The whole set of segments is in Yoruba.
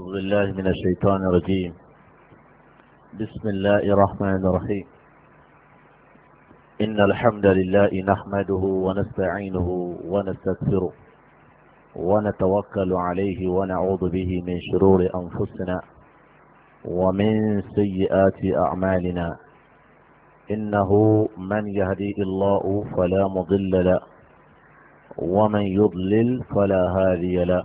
أعوذ بالله من الشيطان الرجيم بسم الله الرحمن الرحيم إن الحمد لله نحمده ونستعينه ونستغفره ونتوكل عليه ونعوذ به من شرور أنفسنا ومن سيئات أعمالنا إنه من يهدي الله فلا مضل له ومن يضلل فلا هادي له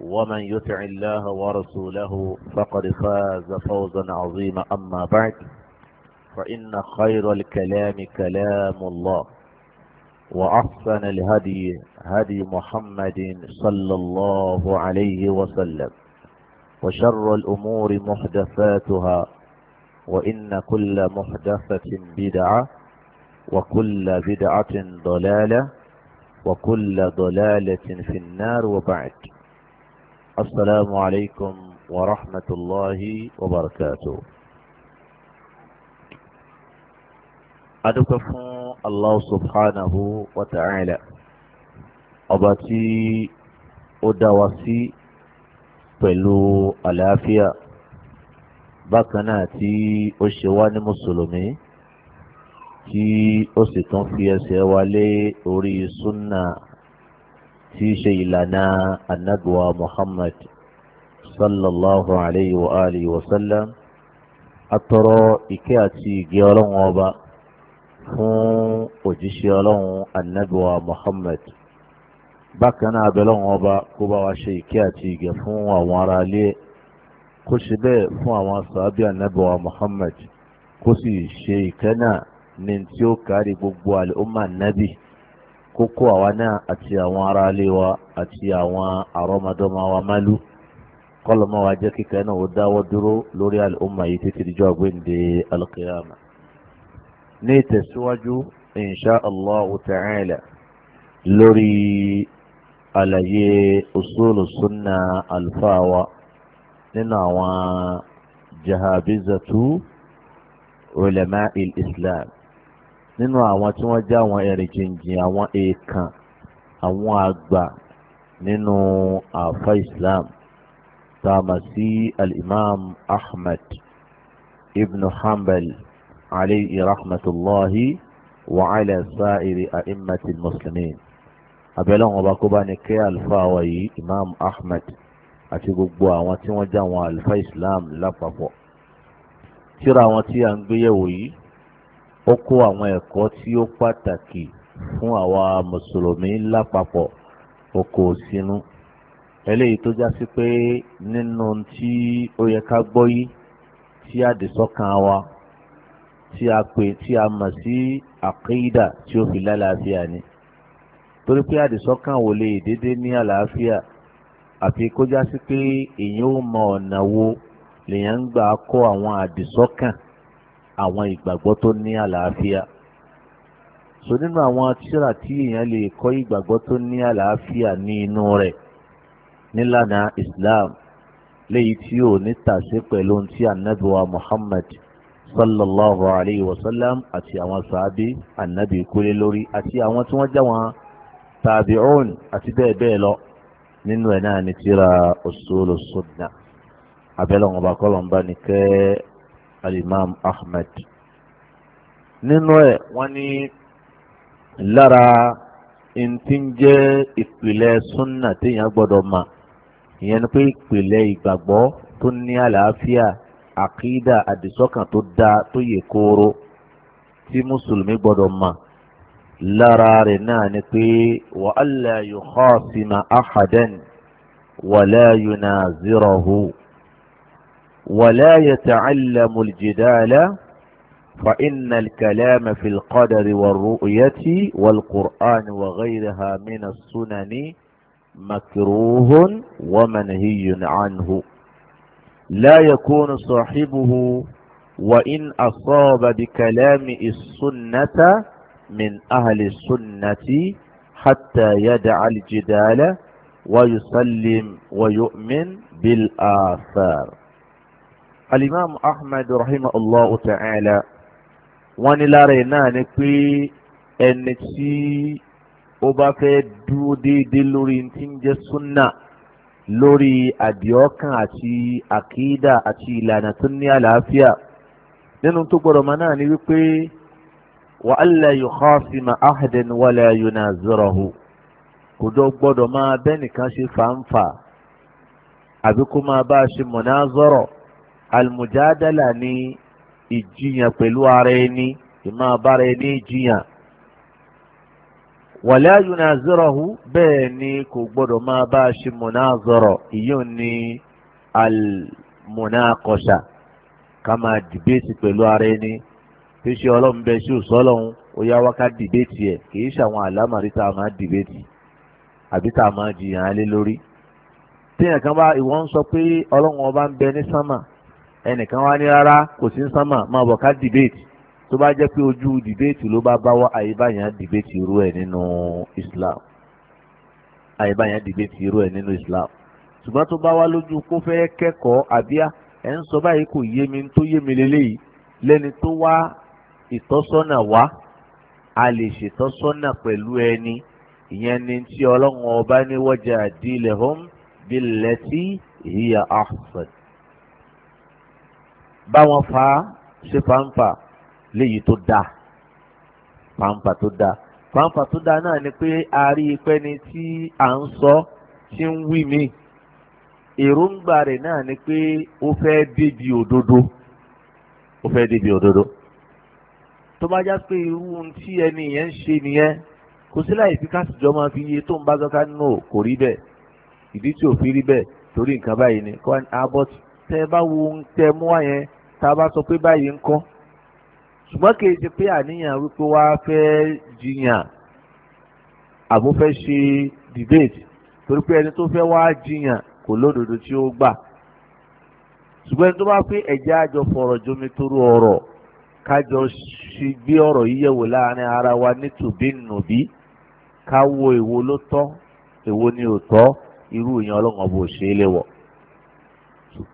ومن يطع الله ورسوله فقد فاز فوزا عظيما أما بعد فإن خير الكلام كلام الله وأحسن الهدي هدي محمد صلى الله عليه وسلم وشر الأمور محدثاتها وإن كل محدثة بدعة وكل بدعة ضلالة وكل ضلالة في النار وبعد السلام عليكم ورحمة الله وبركاته أدوكف الله سبحانه وتعالى أباتي أدواسي pẹ̀lú àlàáfíà bákan náà tí ó ṣe wá ní mùsùlùmí tí ó sì tún fi ẹsẹ̀ wa lé orí súnnà tí í ṣe ìlànà anagwa muhammad sallallahu alayhi wa alihi wa sallam atọrọ ìkẹ́ àti ìgẹ́ ọlọ́run ọba fún òjíṣẹ́ ọlọ́run anagwa muhammad bákan náà abẹ́lọ́run ọba kó bá wa ṣe ìkẹ́ àti ìgẹ́ fún àwọn ará ilé kó ṣe bẹ́ẹ̀ fún àwọn sàábì anagwa muhammad kó sì ṣe ìkẹ́ náà ní tí ó kárí gbogbo àlè ó máa nábì kókó àwa náà àti àwọn ará ilé wa àti àwọn àrọ́mọdọ́mọ wa málú kọlọmọ wa jẹ́ kíkẹ́ náà ó dáwọ́ dúró lórí àlùmọ̀ yìí títí dijọ́ àgbéǹde alqiyama. ní ìtẹ̀síwájú insha allah ta'ala lórí àlàyé usulu sunna alfawa nínú àwọn jahabizatu ulama il islam nínú àwọn tí wọ́n já àwọn ẹ̀rìnjìnjìn àwọn èèkàn àwọn àgbà nínú àfa islam tààmà sí al-imam ahmed ibn hanbal alayhi rahmatulahi wa ala sa'iri a'immatil muslimin abẹ́lẹ́ wọn bá kó bá ní kẹ́ àlùfáà wa yìí imam ahmed àti gbogbo àwọn tí wọ́n já àwọn àlùfáà islam lápapọ̀ tíra àwọn tí a ń gbéyẹ̀wò yìí ó kó àwọn ẹ̀kọ́ tí ó pàtàkì fún àwa mùsùlùmí lápapọ̀ ó kó sínú eléyìí tó já sí pé nínú tí ó yẹ ká gbọ́ yìí tí àdìsọ́kàn wa tí a pè tí a mọ̀ sí àkéyídà tí ó fi lálàáfíà ni torí pé àdìsọ́kàn wò lè dédé ní àlàáfíà àfi kó já sí pé èyí ó mọ ọ̀nà wo lèèyàn ń gbà kó àwọn àdìsọ́kàn àwọn ìgbàgbọ́ tó ní àlàáfíà so nínú àwọn tíra tí èèyàn lè kọ́ ìgbàgbọ́ tó ní àlàáfíà ní inú rẹ̀ nílànà Islam léyìí tí ò ní tàṣe pẹ̀lú ti anabiwa Muhammad sallallahu alayhi wa sallam àti àwọn sàábí anabi kúlé lórí àti àwọn tí wọ́n já wọn tabi'un àti bẹ́ẹ̀ bẹ́ẹ̀ lọ nínú ẹ̀ náà ní tíra usulu sunna abẹ́lẹ́ wọn bá ní kẹ́ẹ́ alimam ahmed nínú ẹ̀ wọ́n ní lára ntí ń jẹ́ ìpìlẹ̀ súnà téèyàn gbọ́dọ̀ mọ̀ ìyẹn ni pé ìpìlẹ̀ ìgbàgbọ́ tó ní àlàáfíà àkídà àdìsọ́kàn tó dáa tó yè kooro tí mùsùlùmí gbọ́dọ̀ mọ̀ lára rẹ̀ náà ni pé wa alla yukhasima ahadan wa la yunazirahu. ولا يتعلم الجدال فإن الكلام في القدر والرؤية والقرآن وغيرها من السنن مكروه ومنهي عنه لا يكون صاحبه وإن أصاب بكلام السنة من أهل السنة حتى يدع الجدال ويسلم ويؤمن بالآثار alimami ahmed rahimahullahu ta'ala wọ́n ní lára ẹ̀ náà ni pé ẹni tí ó bá fẹ́ dúró déédéé lórí ti ń jẹ́ súnà lórí àdìọ́kàn àti àkídà àti ìlànà tó ní àlàáfíà nínú tó gbọ́dọ̀ mọ́ náà ni wípé wa alla yukhasima ahadan wala yunazirahu kò dọ́ gbọ́dọ̀ máa bẹ́nìkan ṣe fàǹfà àbí kó máa bá a ṣe munazara. almujadala ni ìjiyàn pẹ̀lú ara ẹni ìmọ̀ bára ẹni jiyàn wàlẹ́ àyùnà zọ́rọ̀hù bẹ́ẹ̀ ni kò gbọ́dọ̀ máa bá a ṣe mọ̀nà zọ̀rọ̀ ìyóò ní almọ̀nà kọ̀ṣà ká máa dìbẹ́tì pẹ̀lú ara ẹni tí ṣe ọlọ́run bẹ́ẹ̀ ṣe òṣọ́lọ́run ó yá wákà dìbẹ́tì ẹ̀ kì í ṣàwọn àlámàrí tá a máa dìbẹ́tì àbí tá a máa lórí. kan bá ìwọ ń sọ pé ọlọ́run ọba ń bẹ ní ẹnìkan wá ní rárá kò sí sánmà máa bọ̀ ká dìbéètì tó bá jẹ́ pé ojú dìbéètì ló bá bá wá àyíbáyàn dìbéètì irú ẹ̀ nínú Islam àyíbáyàn dìbéètì irú ẹ̀ nínú Islam ṣùgbọ́n tó bá wá lójú kó fẹ́ kẹ́kọ̀ọ́ àbíá ẹ̀ ń sọ báyìí kò yé mi tó yé mi lélẹ́yìí lẹ́ni tó wá ìtọ́sọ́nà wá a lè ṣètọ́sọ́nà pẹ̀lú ẹni ìyẹn ni tí ọlọ́run ọba ní wọ́jà dílẹ̀ hóm bílẹ̀ tí ìyá ahsan bá wọn fà á ṣe fàǹfà léyìí tó dáa fàǹfà tó dáa fàǹfà tó dáa náà ni pé a rí i pé ni tí à ń sọ tí ń wí mi èròǹgbà rẹ̀ náà ni pé ó fẹ́ débi òdodo ó fẹ́ débi òdodo tó bá já pé irú ohun tí ẹni yẹn ń ṣe nìyẹn kò sí láì fi káṣíjọ máa fi iye tó ń bá sọ́ká nù kò rí bẹ́ẹ̀ ìdí tí ò fi rí bẹ́ẹ̀ torí nǹkan báyìí ni kọ́ abọ́tì ah, tẹ́ bá wo ohun tẹ́ mú wá yẹn tá a bá sọ pé báyìí ń kọ́ ṣùgbọ́n kì í ṣe pé àníyàn wípé wá fẹ́ jiyàn àbó fẹ́ ṣe debate torí pé ẹni tó fẹ́ wá jiyàn kò lódodo tí ó gbà ṣùgbọ́n ẹni tó bá pé ẹ̀jẹ̀ àjọ fọ̀rọ̀ jomi toro ọ̀rọ̀ kájọ ṣe gbé ọ̀rọ̀ yìí yẹ̀wò láàrin ara wa ní tòbí nùbí ká wo èwo ló tọ́ èwo ni ò tọ́ irú ìyẹn ọlọ́run ọba ò ṣe é léwọ̀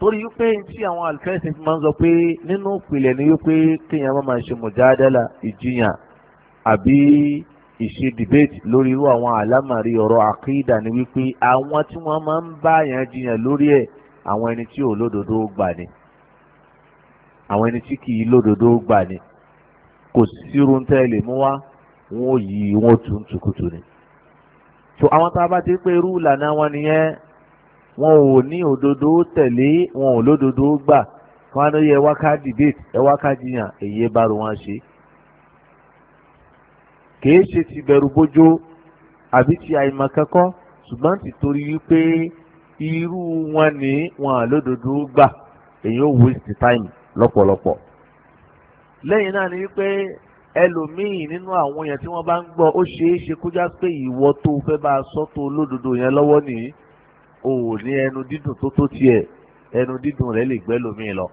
torí wípé tí àwọn alifẹ́sìn fi máa ń sọ pé nínú ìpìlẹ̀ ni wípé kéèyàn máa máa ṣe mùjádálà ìjiyàn àbí ìṣe debate lórí irú àwọn àlámàrí ọ̀rọ̀ àkídà ni wípé àwọn tí wọ́n máa ń bá yàn jiyàn lórí ẹ̀ àwọn ẹni tí ò lódodo gbà ni àwọn ẹni tí kì í lódodo gbà ni kò sírú ń tẹ́ lè mú wá wọn ò yí wọn tún tukutu ni. so àwọn tá a bá ti pé irú ìlànà wọn nìyẹn wọn ò ní òdodo tẹ̀lé wọn ò lódodo gbà wọn á ní yẹ wá ká debate ẹ wá ká jiyàn èyí bá ro wọn ṣe. kìí ṣe ti bẹ̀rù bójó àbí ti àìmọ̀ kẹ́kọ́ ṣùgbọ́n ti torí wípé irú wọn ni wọn à lódodo gbà èyí ò waste time lọ́pọ̀lọpọ̀. lẹ́yìn náà ni wípé ẹlòmíì nínú àwọn yẹn tí wọ́n bá ń gbọ́ ó ṣeé ṣe kó já pé ìwọ tó fẹ́ bá a sọ́tò olódodo yẹn lọ́wọ́ nìyí o ò ní ẹnu dídùn tó tó tiẹ̀ ẹnu dídùn rẹ̀ lè gbẹ́ lómi lọ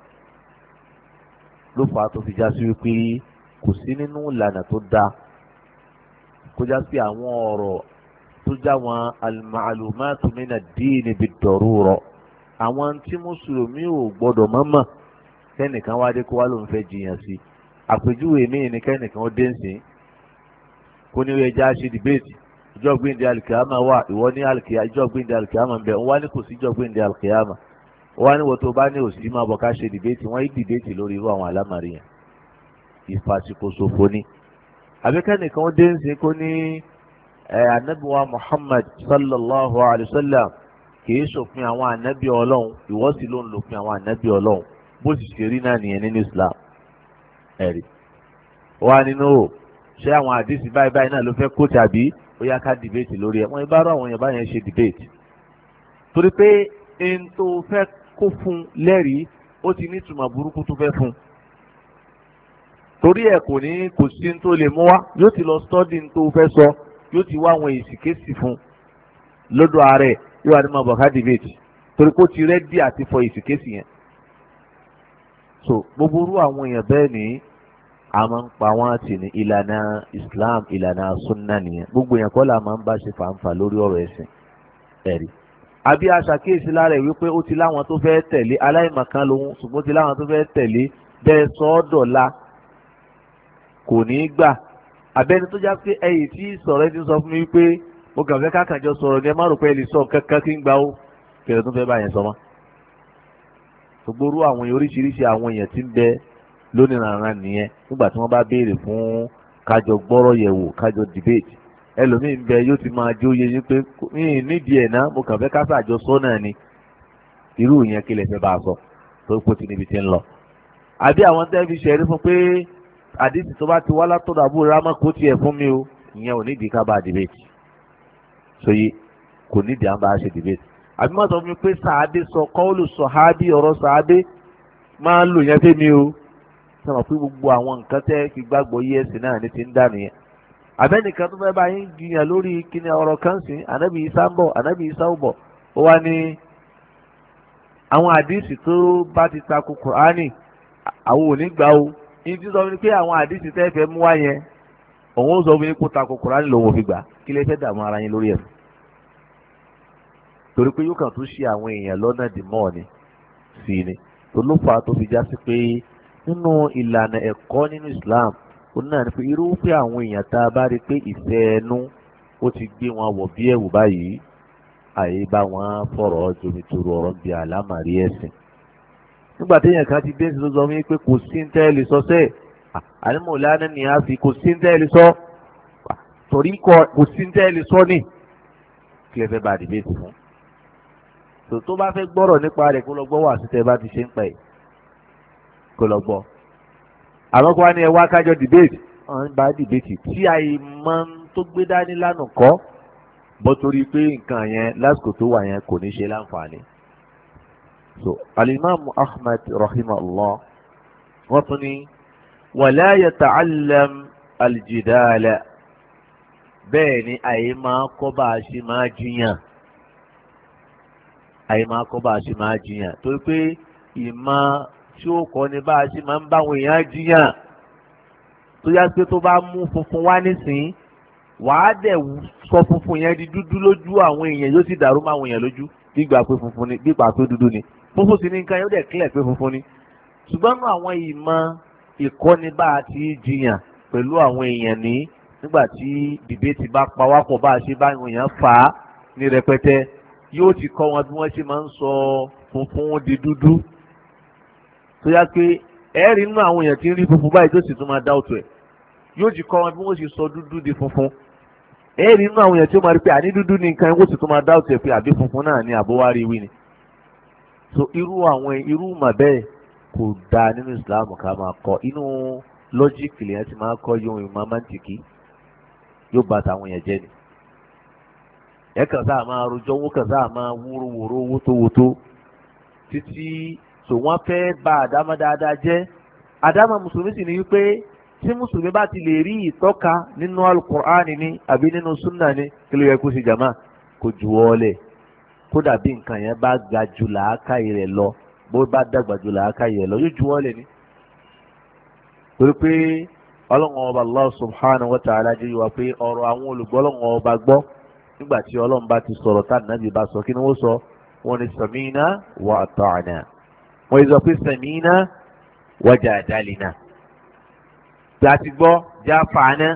ló fà á tó fi já sí wípé kò sí nínú ìlànà tó dáa kó já sí àwọn ọ̀rọ̀ tó já wọn al-ma'lumatu min ad-din àwọn tí mùsùlùmí ò gbọ́dọ̀ má mọ̀ kẹ́nìkan wá dé kó wá ló ń fẹ́ jiyàn sí àpèjúwe míì ni kẹ́nìkan ó dé ń sìn kó ní ó yẹ ṣe dìbéètì ìjọ gbẹ̀ndẹ̀ alikiyama wà ìwọ ní alikiyama ìjọ gbẹ̀ndẹ̀ alikiyama bẹ̀ wọ́n ní kò sí ìjọ gbẹ̀ndẹ̀ alikiyama wọ́n ní wọ́n tó bá ní òsì máa bọ̀ ká ṣe dìbẹ́tì wọ́n yí dìbẹ́tì lórí irú àwọn alámàrí yẹn ìfàsìkò ṣòfò ni. àbíkẹ́nìkan ó dé ń sìn kó ní anabiwa Muhammad sallallahu alayhi wa sallam kìí ṣòfin àwọn anabi ọlọ́run ìwọ sì ló ń lòfin àwọn anabi ọlọ́run bó sì ṣe rí náà nìyẹn nínú Islam ẹ̀rí. wọ́n á nínú ṣé àwọn àdìsí báyìí báyìí náà ló fẹ́ kó tàbí ó yá ká dìbéètì lórí ẹ̀ wọ́n bá rọ àwọn yẹn báyẹn ṣe dìbéètì torí pé ẹni tó fẹ́ kó fún lẹ́rìí ó ti ní ìtumọ̀ burúkú tó fẹ́ fún un torí ẹ̀ kò ní kò sí ní tó lè mú wá yóò ti lọ sọ́ọ́dì ní tó fẹ́ sọ yóò ti wá àwọn èsì kéèsì fún lọ́dọ̀ ààrẹ yóò wá ní dìbéètì torí kó ti rẹ́dí àti fọ èsì kéèsì yẹn so gbogbo irú àwọn èèyàn bẹ́ẹ̀ nìyí a máa ń pa wọ́n àti ní ìlànà Islam ìlànà sunna nìyẹn gbogbo yẹn kọ́ la máa ń bá ṣe fàǹfà lórí ọ̀rọ̀ ẹ̀sìn ẹ̀rí. àbí aṣàkíyèsí lára ẹ̀ wípé ó ti láwọn tó fẹ́ tẹ̀lé aláìmọ̀kan lòun ṣùgbọ́n ti láwọn tó fẹ́ tẹ̀lé bẹ́ẹ̀ sọ́ọ́dọ̀la kò ní í gbà abẹ́ni tó já pé ẹ̀yìn tí sọ̀rọ̀ ẹ ti sọ fún mi wípé mo kàn fẹ́ kákànjọ sọ̀rọ̀ ni ẹ má rò pé ẹ kankan kí n gbà ó kẹ̀rẹ̀ tó fẹ́ bá yẹn sọ mọ́. gbogbo orú àwọn oríṣiríṣi àwọn èèyàn ti ń bẹ lónìí rárá nìyẹn nígbà tí wọ́n bá béèrè fún kájọ gbọ́rọ̀ yẹ̀wò kájọ debate ẹlòmíín bẹ yóò ti máa jó yẹ yín pé nídìí ẹ̀ náà mo kàn fẹ́ kásá àjọ sọ náà ni irú yẹn kí lè fẹ́ bá a sọ tó kó ti níbi tí ń lọ. àbí àwọn tẹ́ fi ṣẹ̀rí fún pé àdìsí tó bá ti wá látọ̀dọ̀ àbúrò rámọ́ kó tiẹ̀ fún mi o ìyẹn ò nídìí ká bá a debate sóyè kò nídìí à ń bá a ṣe debate. àbí má sọ fún mi pé sàábé sọ kọ́ọ̀lù sọ̀hábí ọ̀rọ̀ sàábé máa ń lò yẹn fẹ́ mi o sọ̀rọ̀ pé gbogbo àwọn nǹkan tẹ́ fi gbàgbọ́ yẹ́sì náà ní ti ń dànù yẹn abẹ́nìkan tó fẹ́ bá yín jiyàn lórí kíni ọ̀rọ̀ kan sìn ànábì isa ń bọ̀ ànábì isa ń bọ̀ ó wá ní àwọn àdìsí tó bá ti takò kùránì àwọn ò ní gbà o yín ti sọ fún mi pé àwọn àdìsí tẹ́ fẹ́ mú wá yẹn òun ó sọ fún yín kó takò kùránì lòun ò fi gbà kí lè fẹ́ dààmú ara yín lórí ẹ̀ torí pé yóò kàn tún ṣe àwọn èèyàn lọ́nà dìmọ́ ni sí ni tó ló fà á tó fi já sí pé nínú ìlànà ẹ̀kọ́ nínú Islam òun náà ni pé irúfẹ́ àwọn èèyàn tá a bá rí pé ìfẹ́ ẹnu ó ti gbé wọn wọ̀ bí ẹ̀wù báyìí àyè bá wọn fọ̀rọ̀ jomitoro ọ̀rọ̀ bíi àlámàrí ẹ̀sìn nígbà téèyàn kan ti dé sí sọ fún yín pé kò sí ń tẹ́lẹ̀ sọ sẹ́ẹ̀ ànímọ̀ ni a fi kò sí ń tẹ́lẹ̀ sọ torí kò sí ń tẹ́lẹ̀ sọ ni kí lè fẹ́ bá a dìbò fún. tó bá fẹ́ gbọ́rọ̀ nípa rẹ̀ kó lọ gbọ́ wà tẹ́ bá ti ṣe ń pa ẹ̀ kó lọ gbọ́ àwọn kan wá ní ẹwà kájọ dìbéètì ọ̀hún bá dìbéètì tí àìmọ̀ tó gbé dání lánàá kọ́ bọ́ torí pé nǹkan yẹn lásìkò tó wà yẹn kò ní ṣe láǹfààní. so alimami ahmed rahimahullah wọ́n tún ní wala yata'allam aljidala bẹ́ẹ̀ ni àyè máa kọ́ bá a ṣe máa jiyàn àyè máa kọ́ bá a ṣe máa jiyàn torí pé ìmọ̀ tí ó kọ́ ni bá a ṣe máa ń bá àwọn èèyàn jiyàn tó yá pé tó bá mú funfun wá nísìnyí wàá dẹ̀ sọ funfun yẹn di dúdú lójú àwọn èèyàn yóò sì dàrú mọ́ àwọn èèyàn lójú gbígbà pé funfun ni gbígbà pé dúdú ni funfun sì ní nǹkan yóò dẹ̀ kílẹ̀ pé funfun ni ṣùgbọ́n àwọn ìmọ̀ ìkọ́ni bá a ti jiyàn pẹ̀lú àwọn èèyàn ní nígbà tí dìbẹ́tì bá pawápọ̀ bá a ṣe bá àwọn èèyàn fà á ní rẹpẹtẹ yóò ti kọ́ wọn bí wọ́n ṣe máa ń sọ funfun di dúdú tó yá pé ẹ̀ẹ́rì nínú àwọn èèyàn tí ń rí funfun báyìí tó sì tún máa dá òtún ẹ̀ yóò jì kọ́ wọn bí wọ́n sì sọ dúdú di funfun ẹ̀ẹ́rì nínú àwọn èèyàn tí ó máa rí pé àní dúdú ní nǹkan wọ́n sì tún máa dá òtún ẹ̀ pé àbí funfun náà ni àbówárí wí ni so irú àwọn irú mà bẹ́ẹ̀ kò dáa nínú Islam ká máa kọ inú lọ́jíìkì lèyàn ti máa kọ́ yóò ìmọ̀ mantiki yóò bá tàwọn èèyàn jẹ́ ni ẹ kàn sáà máa rojọ́ so wọ́n fẹ́ bà àdámọ́ dáadáa jẹ́ àdámọ́ mùsùlùmí sì ni wípé tí mùsùlùmí bá ti lè rí ìtọ́ka nínú alukur'ani ni àbí nínú sunna ni kí ló yẹ kó ṣe jàmá kó ju ọ́ lẹ̀ kódà nǹkan yẹn bá ga jù làákàyè rẹ̀ lọ bó bá dàgbà jù làákàyè rẹ̀ lọ yóò ju ọ́ ni torí pé ọlọ́run ọba allah subhanahu wa ta'ala jẹ́ yìí wá pé ọ̀rọ̀ àwọn olùgbọ́ ọlọ́run ọba gbọ́ nígbà tí ọlọ́run bá ti sọ̀rọ̀ tá nàbì bá sọ kí ni wọ́n sọ wọ́n ní sàmínà wà á wọ́n yìí sọ pé sẹ̀mínà wọ́jà àdálínà bí a ti gbọ́ já fàánà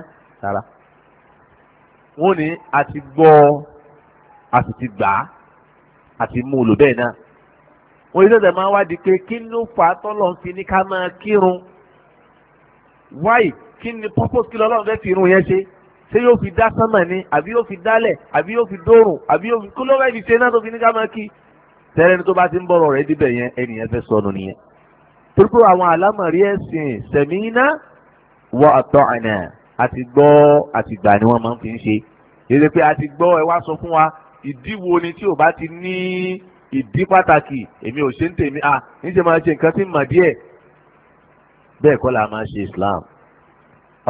rárá wọ́n ní a ti gbọ́ a sì ti gbà á a ti mú un lò bẹ́ẹ̀ náà wọ́n yìí sọ̀tẹ̀ máa wá di pé kí ló fà á tọ́lọ̀ fi ní ká máa kírun wáyé kí ni purpose kí lọ́lọ́run fẹ́ fi irun yẹn ṣe ṣé yóò fi dá sánmà ni àbí yóò fi dálẹ̀ àbí yóò fi dórùn àbí yóò fi kó ló fẹ́ fi ṣe náà tó fi ní ká máa kí tẹ́lẹ̀ ní tó bá ti ń bọ̀rọ̀ rẹ̀ díbẹ̀ yẹn ẹnìyẹn fẹ́ sọnù nìyẹn. torípé àwọn àlámọ̀rí ẹ̀sìn sẹ̀mínà wọ àtọ̀ àná àti gbọ́ àti gbà ni wọ́n máa ń fi ń ṣe. èdè pé àti gbọ́ ẹ wá sọ fún wa ìdí wo ni tí ò bá ti ní ìdí pàtàkì èmi ò ṣe ń tèmi à níṣẹ́ máa ṣe nǹkan tí mà díẹ̀. bẹ́ẹ̀ kọ́ la máa ṣe Islam.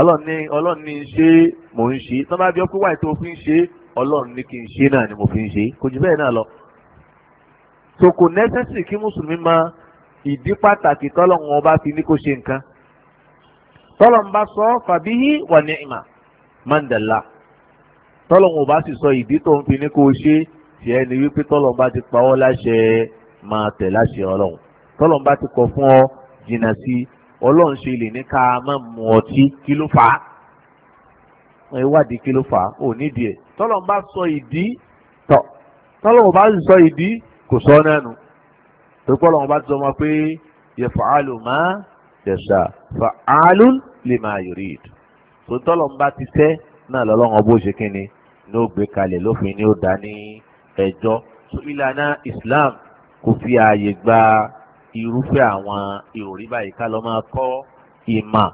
ọlọ́run ní ọlọ́run ní ṣe mò ń ṣe tọ́ bí ọkùnrin wáyé tó fi ń ṣe ọlọ́run ní kí n ṣe náà ni mo fi ń ṣe kò jù bẹ́ẹ̀ náà lọ. Soko kò nẹ́sẹ̀sì kí mùsùlùmí mọ ìdí pàtàkì tọ́lọ́run ọba fi ní kó ṣe nǹkan tọ́lọ́run bá sọ fàbíyí wà ní ìmà mandala tọ́lọ́run ọba sì sọ ìdí tó ń fi ní kó ṣe tiẹ̀ ni wípé tọ́lọ́run bá ti pa ọ́ láṣẹ máa tẹ̀ láṣẹ ọlọ́run tọ́lọ́run bá ti kọ̀ fún ọ jìnnà sí ọlọ́run ṣe lè ní ká má mu ọtí kí ló fà á ẹ wádìí kí ló fà á ò nídìí ẹ̀ tọ́lọ́run bá sọ ìdí tọ́ tọ́lọ́run kò sọ náà nù tó kọ́ lọ́wọ́ bá ti sọ ma pé yaf'alu ma yasha fa'alun lima yurid tó tọ́lọ̀ ń bá ti tẹ́ náà lọ́lọ́wọ́ bó ṣe kíni ní ó gbé kalẹ̀ lófin ni ó dá ní ẹjọ́ tó ìlànà Islam kò fi ààyè gba irúfẹ́ àwọn ìròrí báyìí ká lọ máa kọ́ ìmà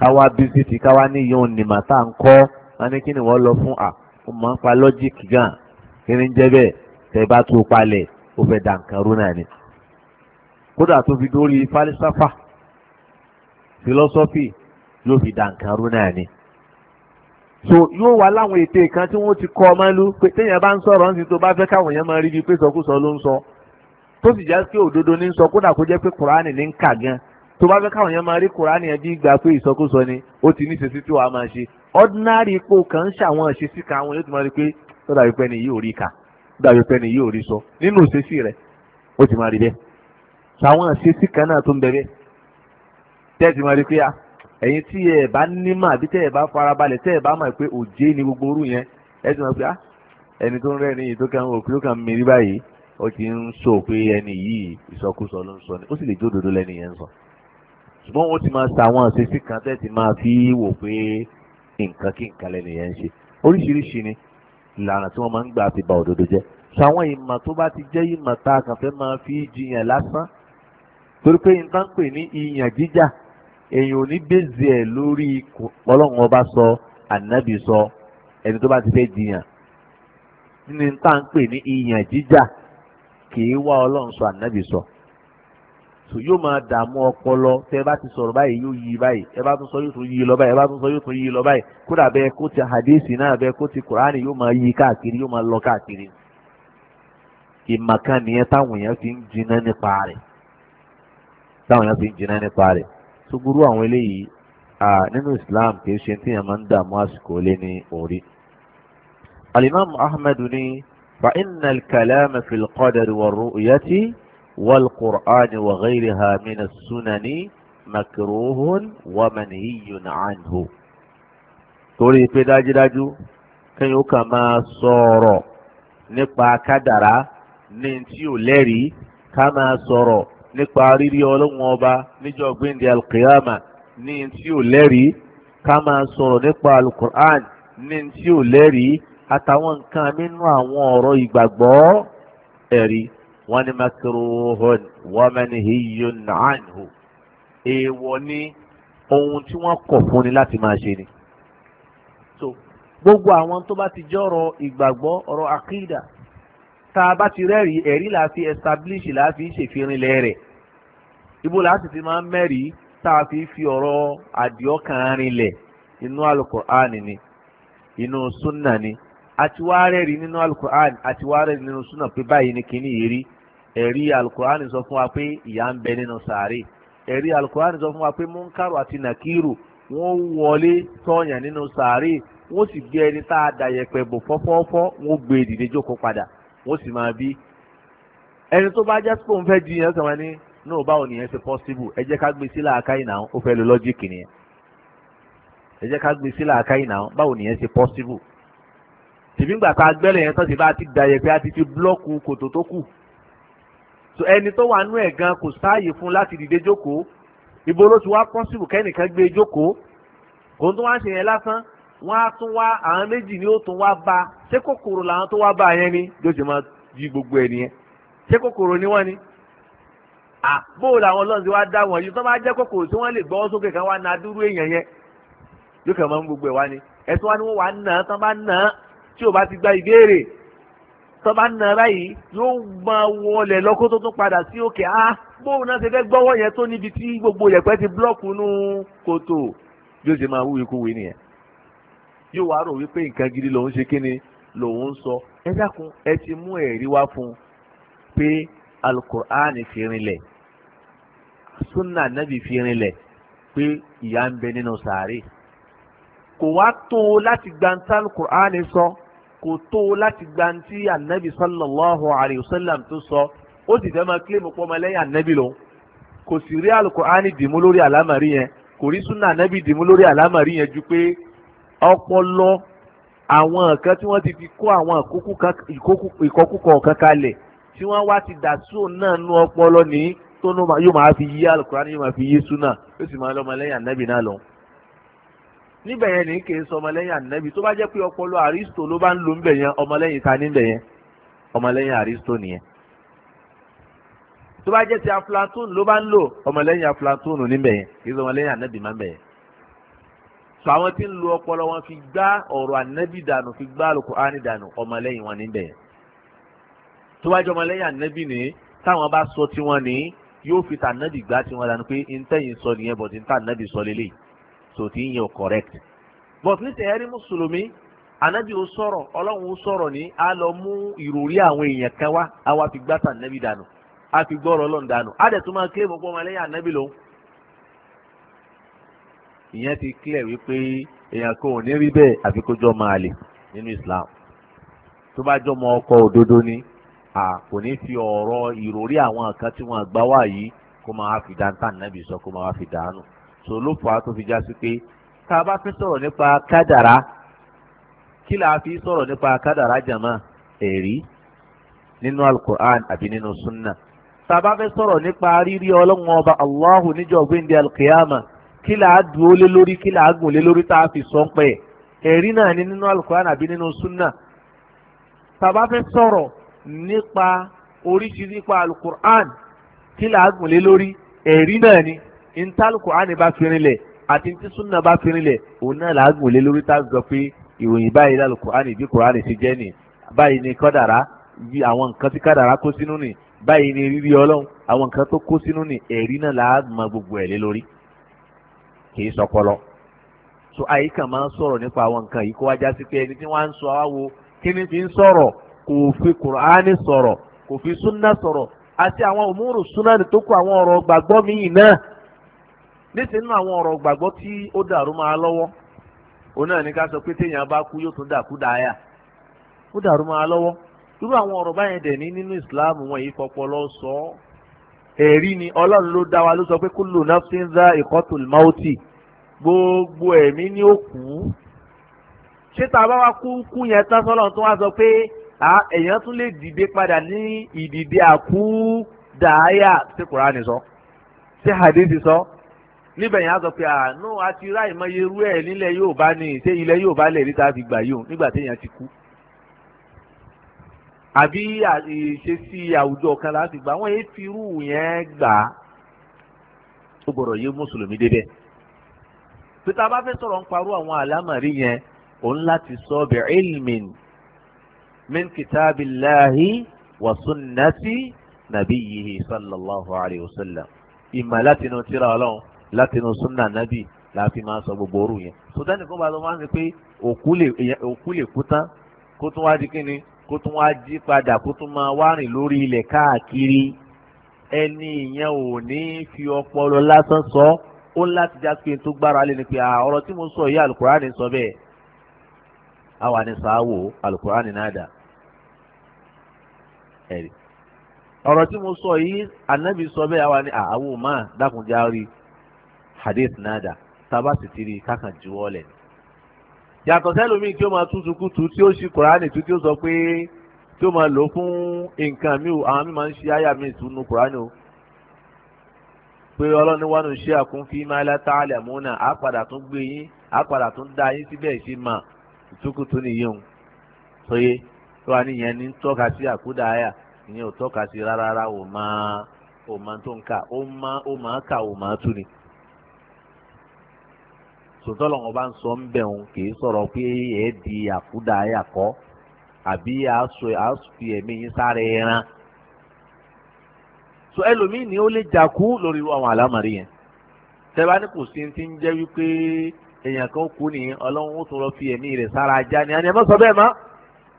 káwá bísítì káwá níyàn onímà tá à ń kọ́ wọn ní kí ni wọ́n lọ fún à ó máa ń pa lọ́jíìkì gan kí ni ń jẹ́ bẹ́ẹ̀ tẹ́ bá tú palẹ̀ ó fẹ́ da nǹkan rú náà ni kódà tó fi dórí falisafa filosofi yóò fi da náà ni so yóò wá láwọn ète kan tí wọ́n ti kọ́ ọmọ lú pé téèyàn bá ń sọ̀rọ̀ ńsìn tó bá fẹ́ káwọn èèyàn máa rí bíi pé sọkúsọ ló ń sọ tó sì já sí òdodo ní sọ kódà kó jẹ́ pé kùránì ní ń kà gan tó bá fẹ́ káwọn èèyàn máa rí kùránì yẹn bí gbà pé ìsọkúsọ ni ó ti ní sèṣí tí wàá máa ṣe ordinary ipò kan ń ṣàwọn ìṣesí kan àwọn yóò ti máa rí pé tó dàbí pé ni yìí ò rí kà dàbí pé ni yóò rí sọ nínú ìṣesí rẹ̀ ó ti máa rí bẹ́ẹ̀ sàwọn ìṣesí kan náà tó ń bẹ bẹ́ẹ̀ tẹ́ ẹ ti máa rí pé ah, ẹ̀yin tí ẹ bá nímọ̀ àbí tẹ́ ẹ bá farabalẹ̀ tẹ́ ẹ bá mọ̀ pé òjé ni gbogbo orú yẹn ẹ ti máa pé ah, ẹni tó ń rẹ́ níyì tó kàn òkú tó kàn mí rí báyìí ó ti ń sọ pé ẹni yìí ìsọkúsọ ló ń sọ ni ó sì lè jó òdodo lẹ́ni yẹn ń sọ ṣùgbọ́n ó ti máa sàwọn ìṣesí kan tẹ́ ti máa fi wò pé nǹkan kí nǹkan lẹ́ni yẹn ń ṣe oríṣiríṣi ni ìlànà tí wọ́n máa ń gbà fi ba òdodo jẹ́ sọ àwọn ìmọ̀ tó bá ti jẹ́ ìmọ̀ tá a kàn fẹ́ máa fi jiyàn lásán torí pé nǹkan ń pè ní ìyàn jíjà èèyàn ò ní bèzì ẹ̀ lórí ọlọ́run ọba sọ ànábì sọ ẹni tó bá ti fẹ́ jiyàn nínú nǹkan ń pè ní ìyàn jíjà kì í wá ọlọ́run sọ ànábì sọ. So so yóò máa dààmú ọpọlọ tẹ bá ti sọ̀rọ̀ báyìí yóò yí báyìí ẹ bá tún sọ yóò tún yí lọ báyìí ẹ bá tún sọ yóò tún yí lọ báyìí kódà bẹ́ẹ̀ kó ti hadisi náà bẹ́ẹ̀ kó ti kuraani yóò máa yí káàkiri yóò máa lọ káàkiri ìmàkan nìyẹn táwọn èèyàn fi ń jiná nípa rẹ̀ táwọn èèyàn fi ń jiná nípa rẹ̀ tó burú àwọn eléyìí nínú Islam kì í ṣe tí èèyàn máa ń dààmú àsìkò lé ní orí. alimami Ahmad ní fa innal والقرآن وغيرها من السنن مكروه ومنهي عنه torí pé dájúdájú kéèyàn kàn máa sọ̀rọ̀ nípa kádàrá ní tí ò lẹ́rìí ká máa sọ̀rọ̀ nípa rírí ọlọ́run ọba níjọ́ gbẹ̀ndẹ̀ alkiyama ní tí ò lẹ́rìí ká máa sọ̀rọ̀ nípa alukur'an ní tí ò lẹ́rìí àtàwọn nǹkan mínú àwọn ọ̀rọ̀ ìgbàgbọ́ ẹ̀rí wọ́n ní makruhun wa manhiyun anhu èèwọ̀ ni ohun tí wọ́n kọ̀ fún ni láti máa ṣe ni. so gbogbo àwọn tó bá ti jọ́rọ̀ ìgbàgbọ́ ọ̀rọ̀ àkídà tá a bá ti rẹ́rìí ẹ̀rí là establish là á fi ibo là ti máa ń tá a fi fi ọ̀rọ̀ àdìọ́kàn inú alukur'an ni inú sunna ni àtiwárẹ́rìí nínú alukur'an àtiwárẹ́rìí nínú sunna pé báyìí ni kìíní yìí rí ẹ̀rí alukur'an sọ fún wa pé ìyà ń bẹ nínú sàárè ẹ̀rí alukur'an sọ fún wa pé munkaru àti nakiru wọ́n wọlé tọ̀yàn nínú sàárè wọ́n sì gbé ẹni tá a dà yẹ̀pẹ̀ bò fọ́fọ́fọ́ wọ́n gbé e dìde jókòó padà wọ́n sì máa bí. ẹni tó bá jẹ́ pé òun fẹ́ di yẹn sọ̀rọ̀ ni náà báwo nìyẹn ṣe pọ́síbù ẹ jẹ́ ká gbé sílẹ̀ àká ìnà ó fẹ́ lo lọ́jíìkì nìyẹn ẹ jẹ́ ká gbé sílẹ̀ àká ìnà báwo nìyẹn ṣe pọ́síbù. tìbí ń gbà ká gbẹ́lẹ̀ yẹn tán ti bá ti dà yẹ̀pẹ̀ á ti fi blọ́ọ̀kù kòtò tó kù so ẹni tó wà nú ẹ̀ gan kò sáàyè fún láti dìde jókòó ibo ló ti wá pọ́sibù kẹ́nìkan gbé e jókòó òun tó wá ń ṣe yẹn lásán wọ́n á tún wá àwọn méjì ni ó tún wá bá ṣé kòkòrò làwọn tó wá bá yẹn ni ló ṣe máa jí gbogbo ẹ̀ ṣé kòkòrò ni wọ́n ni àbóò làwọn ọlọ́run ti wá dá wọn yìí tó máa jẹ́ kòkòrò tí wọ́n lè gbọ́ sókè kan wá na dúró èèyàn yẹn yóò kàn máa ń gbogbo ẹ̀ wá ni ẹ̀sùn wa wọ́n wà ń nà án tán bá nà án tí ò bá ti gba ìbéèrè tó bá na báyìí yóò máa wọlé lọ́kọ́ tó tún padà sí òkè á ah, bóun náà ṣe fẹ́ gbọ́wọ́ yẹn tó níbi tí gbogbo yẹ̀pẹ́ ti blọ́ọ̀kù nú kòtò bí ó ṣe máa wúwe kúwe nìyẹn yóò wá rò wípé nǹkan gidi lòun ṣe kíni lòun sọ ẹ dákun ẹ ti mú ẹ̀rí wá fún un pé alukur'an fi rinlẹ̀ sunna nabi fi rinlẹ̀ pé ìyà ń bẹ nínú sàárè kò wá tó láti gbantal alukur'an sọ. So kò tó o láti gba ti anabi sallallahu alayhi wa sallam tó sọ ó sì fẹ́ máa kílèmù pọ́ ọmọ lẹ́yìn anabi lòun kò sì rí alukur'ani dìmú lórí àlámàrí yẹn kò rí sunna anabi dìmú lórí àlámàrí yẹn ju pé ọpọlọ àwọn kan tí wọ́n ti fi kó àwọn ìkọkúkọ kan kalẹ̀ tí wọ́n wá ti dà sóò náà nu ọpọlọ ní tó yóò máa fi yí alukur'ani yóò máa fi yí sunna yóò sì máa lọ́mọ lẹ́yìn anabi náà lòun níbẹ̀ yẹn ní kì í sọ ọmọlẹ́yìn ànábì tó bá jẹ́ pé ọpọlọ àrísítò ló bá ń lo ńbẹ̀ yẹn ọmọlẹ́yìn ta níbẹ̀ yẹn ọmọlẹ́yìn àrísítò nìyẹn tó bá jẹ́ ti aflatoon ló bá ń lò ọmọlẹ́yìn aflatoon níbẹ̀ yẹn kì í sọ ọmọlẹ́yìn ànábì máa ń bẹ̀ yẹn sọ àwọn tí ń lo ọpọlọ wọn fi gbá ọ̀rọ̀ ànábì dànù fi gbá Al-Kùránì dànù ọmọlẹ́yìn wọn níbẹ̀ yẹn tó bá so ti yẹn o correct but ní sẹ́yẹ́rì mùsùlùmí anabi ó sọ̀rọ̀ ọlọ́run ó sọ̀rọ̀ ní a lọ mú ìròrí àwọn èèyàn kan wá a wá fi gbàtà nẹ́bí dànù a fi gbọ́rọ̀ ọlọ́run dànù a dẹ̀ tún máa kílẹ̀ mọ́ pé ọmọ anabi lòun. ìyẹn ti kílẹ̀ wípé èèyàn kan ò ní rí bẹ́ẹ̀ àfi kó jọ máa lè nínú Islam tó bá jọ mọ ọkọ òdodo ni a kò ní fi ọ̀rọ̀ ìròrí àwọn kan tí wọ́n gbá wá yìí kó máa fi dáńtà nẹ́bí sọ kó máa fi dànù. tó ló fà á tó fi já sí pé tá a bá fi sọ̀rọ̀ nípa kádàrá kí là á fi sọ̀rọ̀ nípa kádàrá jàmá ẹ̀rí nínú alukur'an àbí nínú sunna tá a bá fẹ́ sọ̀rọ̀ nípa rírí ọlọ́run ọba allahu níjọ́ gbéǹde alukiyama kí là á dúró lé lórí kí là á gùn lé lórí tá a fi sọ pẹ́ ẹ̀rí náà ni nínú alukur'an àbí nínú sunna tá bá fẹ́ sọ̀rọ̀ nípa oríṣiríṣi nípa alukur'an kí là gùn lé lórí ẹ̀rí náà ni ntálùkù á ní bá fi rinlẹ̀ àti ntí súnà bá fi rinlẹ̀ òun náà làágùn lé lórí tá a sọ pé ìròyìn báyìí lálùkù á ní bí kùránì ṣe jẹ́ nì báyìí ni kọ́dàrá bí àwọn nǹkan tí kádàrá kó sínú nì báyìí ni rírí ọlọ́run àwọn nǹkan tó kó sínú nì ẹ̀rí náà làágùn gbogbo ẹ̀ lé lórí kìí sọpọlọ so àyíká máa ń sọ̀rọ̀ nípa àwọn nǹkan yìí kó wá já pé ẹni tí wọ́n á ń sọ àwo kí ni fi ń sọ̀rọ̀ kò fi kùránì sọ̀rọ̀ kò fi súnà sọ̀rọ̀ àti àwọn òmùrù súnà tó kó àwọn ọ̀rọ̀ gbàgbọ́ míì náà níṣẹ́ nínú àwọn ọ̀rọ̀ gbàgbọ́ tí ó dàrú máa lọ́wọ́ òun náà ní ká sọ pé téèyàn bá kú yóò tún dàkú dáyà ó dàrú máa lọ́wọ́ irú àwọn ọ̀rọ̀ báyẹn dẹ̀ ní nínú ìsìláàmù wọn yìí fọpọlọ sọ ọ́ ẹ̀rí ni ọlọ́run ló dá wa ló sọ pé kullu nafsin dha'iqatul mauti gbogbo ẹ̀mí ni ó kú ṣé tá a bá wá kú kú yẹn tán sọ́lọ́run tó wá sọ pé èèyàn tún lè dìde padà ní ìdìde àkú dáyà ṣé Kùránì sọ ṣé hadithi sọ. So? níbẹ̀ yẹn á sọ pé àánú àti ráì mọye irú ẹ̀ nílẹ̀ Yorùbá ní ìṣe ilẹ̀ Yorùbá lẹ̀ níta fi gbà yóò nígbà téèyàn ti kú àbí ìṣesí àwùjọ kan láti gbà wọ́n yé firú yẹn gbà ó gbọ́dọ̀ yé mùsùlùmí débẹ̀ pété a bá fẹ́ sọ̀rọ̀ ń parú àwọn àlámọ̀rí yẹn òun láti sọ bi ilmin min kitabillahi wa sunnati nabiyyihi sallallahu alayhi wa sallam ìmọ̀ látinú tírà ọlọ́run látinú súnà nábì la fi máa sọ gbogbo òru yẹn sọtẹ́ni kó bá lọ máa ń sọ pé òkú lè kú tán kó tún wá di kíni kó tún wá jí padà kó tún máa wá rìn lórí ilẹ̀ káàkiri ẹni ìyẹn ò ní fi ọpọlọ lásán sọ ó ń láti já pé tó gbára lé ni pé ọ̀rọ̀ tí mo sọ yìí alukurani sọ bẹ́ẹ̀ àwa ni sàáwò alukurani náà dà ẹ̀rí ọ̀rọ̀ tí mo sọ yìí anabi sọ bẹ́ẹ̀ àwa ni àwò máa dákunjárí hadith nada tába sì ti rí i kákan juwọ́ lẹ̀ yàtọ̀ sẹ́lómi tí ó máa tú tí ó ṣi kùránì sọ pé tí ó máa lò fún nǹkan mi ò àwọn mi máa àyà mi ìtúnu kùránì o pé ọlọ́ni wánu ṣe àkúnfí máa látà àlẹ́múnà á tún gbé yín àpàdà tún dá yín síbẹ̀ ṣe mà ìtúkùtù nìyí o sọyé tó wà nìyẹn ní tọ́ka sí àkúdà àyà ìyẹn ò tọ́ka sí rárá rárá ò máa ò máa tó ń kà ó máa ó máa kà ò máa sòtọ́lọ̀ ọba ń sọ ń bẹ̀ òun kì í sọ̀rọ̀ pé ẹ̀ di àkúdà ayàkọ́ àbí àásùfì ẹ̀mí yín sáré ẹran so ẹlòmíì ni ó lè jàkú lórí àwọn àlámàrí yẹn tẹ́lá ní kò sí ti ń jẹ́ wípé èèyàn kan kú ọlọ́run ó tún fi ẹ̀mí rẹ̀ sára ajá ni àní ẹ má sọ bẹ́ẹ̀ má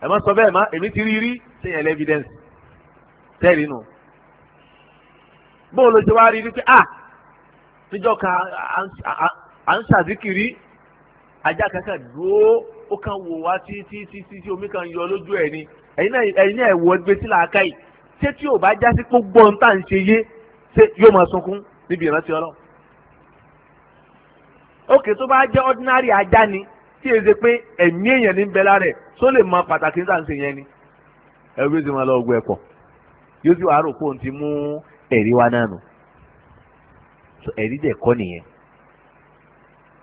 ẹ má sọ bẹ́ẹ̀ má èmi ti rí rí sẹ́yìn nù à ń ṣàzíkiri ajá kankan dúró ó kàn wò wá tí tí tí tí tí omi kan yọ lójú ẹ̀ ni ẹ̀yin náà ẹ̀yin náà ẹ̀wọ́ gbé sí làákà yìí ṣé tí ò bá já sí pé gbọ́n tá à ń ṣe yé ṣé yóò máa sunkún níbi ìrántí ọlọ́ òkè tó bá jẹ́ ordinary ajá ni tí èzè pé ẹ̀mí èèyàn ní bẹ́lá rẹ̀ tó lè mọ pàtàkì nígbà tó yẹn ni ẹ̀rú bí ó ti máa lọ ọgbẹ́ ẹ̀pọ̀ yóò sì wàá rò pé òun ti mú ẹ̀rí wá náà nù ẹ̀rí dẹ̀ kọ́ nìyẹn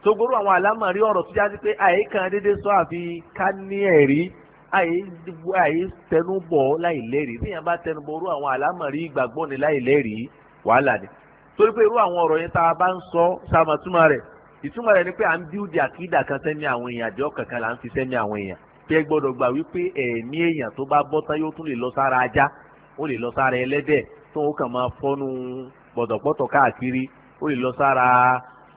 tó gbóró àwọn àlámọ̀rí ọ̀rọ̀ tó jáde pé àyè kan dédé sọ àfi ká ní ẹ̀rí àyè àyè tẹnubọ̀ láì lẹ́rìí bí yẹn bá tẹnubọ̀ irú àwọn àlámọ̀rí ìgbàgbọ́ ni láì lẹ́rìí wàhálà ni torí pé irú àwọn ọ̀rọ̀ yẹn tá a bá ń sọ sáàmà túmọ̀ rẹ̀ ìtumọ̀ rẹ̀ ni pé à ń bíúdi àkídà kan sẹ́mi àwọn èèyàn àjọ kankan là ń fi sẹ́mi àwọn èèyàn tẹ́ gbọ́dọ̀ gbà wípé ẹ̀mí èèyàn tó bá bọ́ tán yóò tún lè lọ sára ajá ó lè lọ sára ẹlẹ́dẹ̀ tó ń kàn máa fọ́nu pọ̀tọ̀pọ̀tọ̀ káàkiri ó lè lọ sára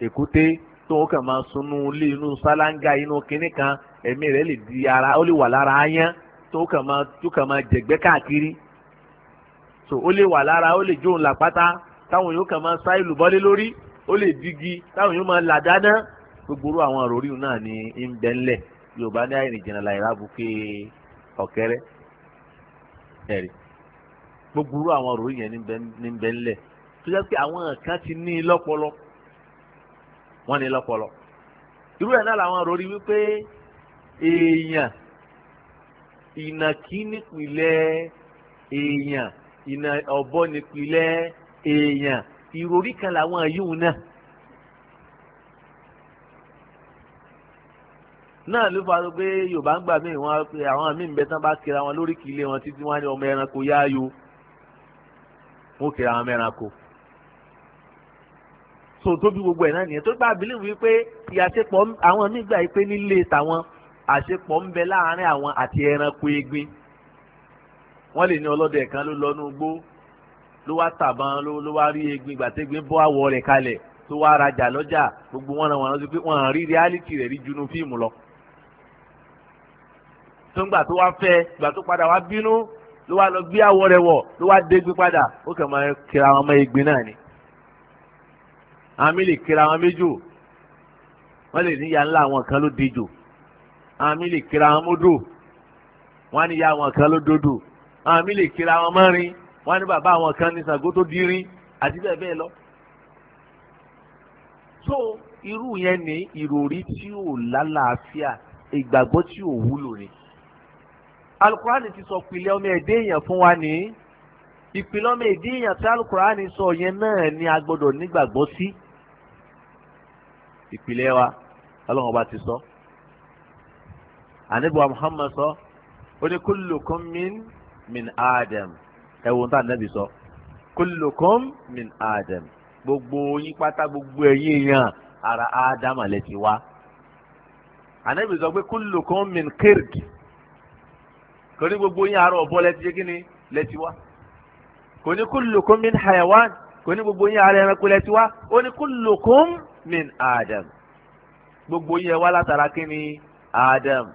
èkúté tó ń kàn máa sunú lé inú sálángà inú kinní kan ẹ̀mí rẹ̀ lè di ara ó lè wà lára ayán tó kàn máa tó kàn máa jẹ̀gbẹ́ káàkiri so ó lè wà lára ó lè jóun làpátá táwọn yóò kàn máa sá ìlú bọ́lé lórí ó lè digi táwọn yóò máa là dáná gbogbo àwọn àròrí náà ni ń bẹ ńlẹ̀ yorùbá ní àyìn ìjìnlẹ̀ láìra buké ọ̀kẹ́rẹ́ ẹ̀rí gbogbo àwọn àròrí yẹn ní ń bẹ ńlẹ̀ tó jẹ́ pé àwọn kan ti ní lọ́pọlọ wọ́n ní lọ́pọlọ irú ẹ̀ náà làwọn rori wípé èèyàn ìnàkí nípìnlẹ̀ èèyàn ìnà ọ̀bọ nípìnlẹ̀ èèyàn ìròrí kan làwọn yìí náà. náà ló fàá pé yorùbá ń gbà mí wọn pé àwọn míì ń bẹ tán bá kira wọn lórí kìlẹ̀ wọn títí wọn ní ọmọ ẹranko yááyo wọn kira wọn mẹ́ranko so tó bí gbogbo ẹ̀ náà nìyẹn tó gbà bílíwì wípé ìyàsepọ̀ àwọn nígbà yìí pé nílé tàwọn àṣepọ̀ ń bẹ láàárín àwọn àti ẹranko egbin wọ́n lè ní ọlọ́dẹ kan ló lọ́nu gbó ló wá tàbọn ló wá rí egbin gbàtẹ́gbin bọ́ àwọ̀ rẹ̀ kalẹ̀ tó wá rajà lọ́jà gbogbo wọn náà wọn rántí pé wọn rí reality rẹ̀ rí junu fíìmù lọ. tó ń gbà tó wá fẹ́ gbà tó padà wá bínú ló wá lọ gbé àwọ̀ rẹ̀ wọ̀ ló wá dégbin padà ó kàn máa kíra ọmọ egbin náà ni àwọn mi lè kíra àwọn méjò wọ́n lè níyà ńlá àwọn kan ló dejò àwọn mi lè kira àwọn módò wọ́n á níyà àwọn kan ló dodò àwọn lè kíra àwọn mọ́rin wọ́n ní bàbá àwọn kan ní Ṣàngó tó dírín àti bẹ́ẹ̀ bẹ́ẹ̀ lọ. so irú yẹn ní ìròrí tí ò lálàáfíà ìgbàgbọ́ tí ò wúlò ni. alukurani ti sọ pìlẹ̀ ọmọ ẹ̀dẹ́ èèyàn fún wa ní ìpìlẹ̀ ọmọ ẹ̀dẹ́ èèyàn tí alukurani sọ yẹn náà ni a gbọ́dọ̀ nígbàgbọ́ sí. Si ìpìlẹ̀ wa ọlọ́run ọba ti sọ anabiwa muhammad sọ ó ní kullukum min min adam ẹ̀wọ̀n tá anabi sọ kullukum min adam gbogbo yín pátá gbogbo ẹ̀yin èèyàn ara adam lẹ ti wá anabi sọ pé kullukum min kirk torí gbogbo yín ara ọ̀bọ lẹ ti jẹ́ kí ni wá kò ní min hayawan kò gbogbo yín ara ẹranko lẹ wá ó min adam gbogbo yẹn wá látara kí ni adam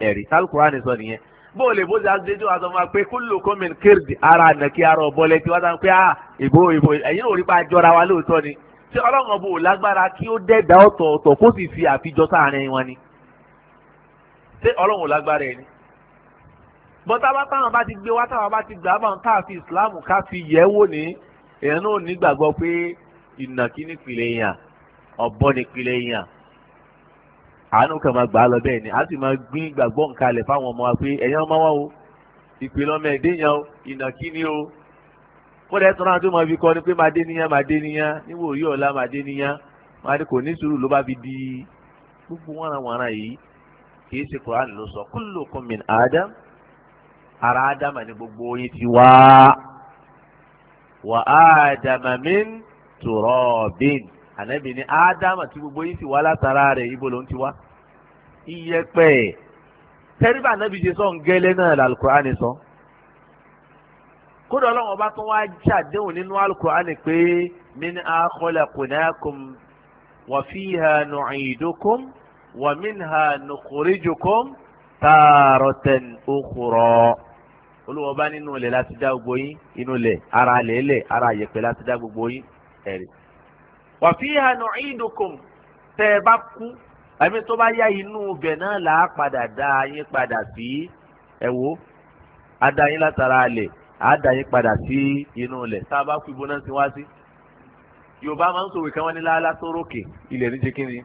ẹ̀rí sálùkùránì sọ nìyẹn bó o lè bó ṣe dédé wa sọ fún wa pé kúlù kọ́mìn kéèrè ara nàkí ara ọ̀bọ̀lẹ̀ tí wọ́n sọ pé ah ìbò ìbò ẹ̀yin ò rí bá a jọra wa lóòótọ́ ni ṣé ọlọ́run ọ̀bọ ò lágbára kí ó dẹ́gbà ọ̀tọ̀ọ̀tọ̀ kó sì fi àfijọ́ sáàrin wọn ni ṣé ọlọ́run lágbára ẹ̀ ni. bọ́tá bá táwọn bá ti gbé wá táwọn bá ti gbà á bá ń káàfin ìsìláàmù káàfin yẹ̀ wò ní èèyàn náà nígbàgbọ́ pé ìnàkí nípìnlẹ̀ èèyàn ọ̀bọ nípìnlẹ̀ èèyàn àánú kan máa gbà á lọ bẹ́ẹ̀ ni a sì máa gbin ìgbàgbọ́ nǹkan alẹ̀ fáwọn ọmọ wa pé ẹ̀yàn ọmọ wa o ìpìlẹ̀ ọmọ ẹ̀dẹ́ yẹn o ìnàkí ni o kódà ẹ̀ tọ́lá tó máa fi kọ́ ni pé máa dé níyàn máa dé níyàn níwò orí ọ̀la máa dé níyàn máa dé kò ní sùúrù ló bá fi di gbogbo wàràwàrà yìí kìí ṣe Quran ló sọ kullukum min Adam ara Adam ni gbogbo yín ti wá wa Adam min turabin ànábì ní ádámà tí gbogbo yín sì wá látara rẹ̀ ibo ló ń ti wá iyẹ̀pẹ̀ tẹríba ànábì ṣe sọ ngẹ́lẹ́ náà làlùkùránì sọ kódà ọlọ́run ọba tó wá ṣàdéhùn nínú àlùkùránì pé min akhalaqnakum wa fiha nu'idukum wa minha nukhrijukum tààrọ̀tẹ̀n òkúrọ̀ olùwọ́ba nínú ilẹ̀ láti dá gbogbo yín inú ilẹ̀ ara ilẹ̀ ilẹ̀ ara iyẹ̀pẹ̀ láti dá gbogbo yín ẹ̀rí. wàfíhà nu'idukum tẹ́ ẹ bá kú àmì tó bá yá inú ibẹ̀ náà là á padà dá yín padà sí ẹ wo á dá yín látara alẹ̀ á dá yín padà sí inú ilẹ̀ tá a bá kú ibo náà ti wá sí. yorùbá máa ń sòwò kí wọ́n ní láàlá sórókè ilẹ̀ ní jẹ́ kí ni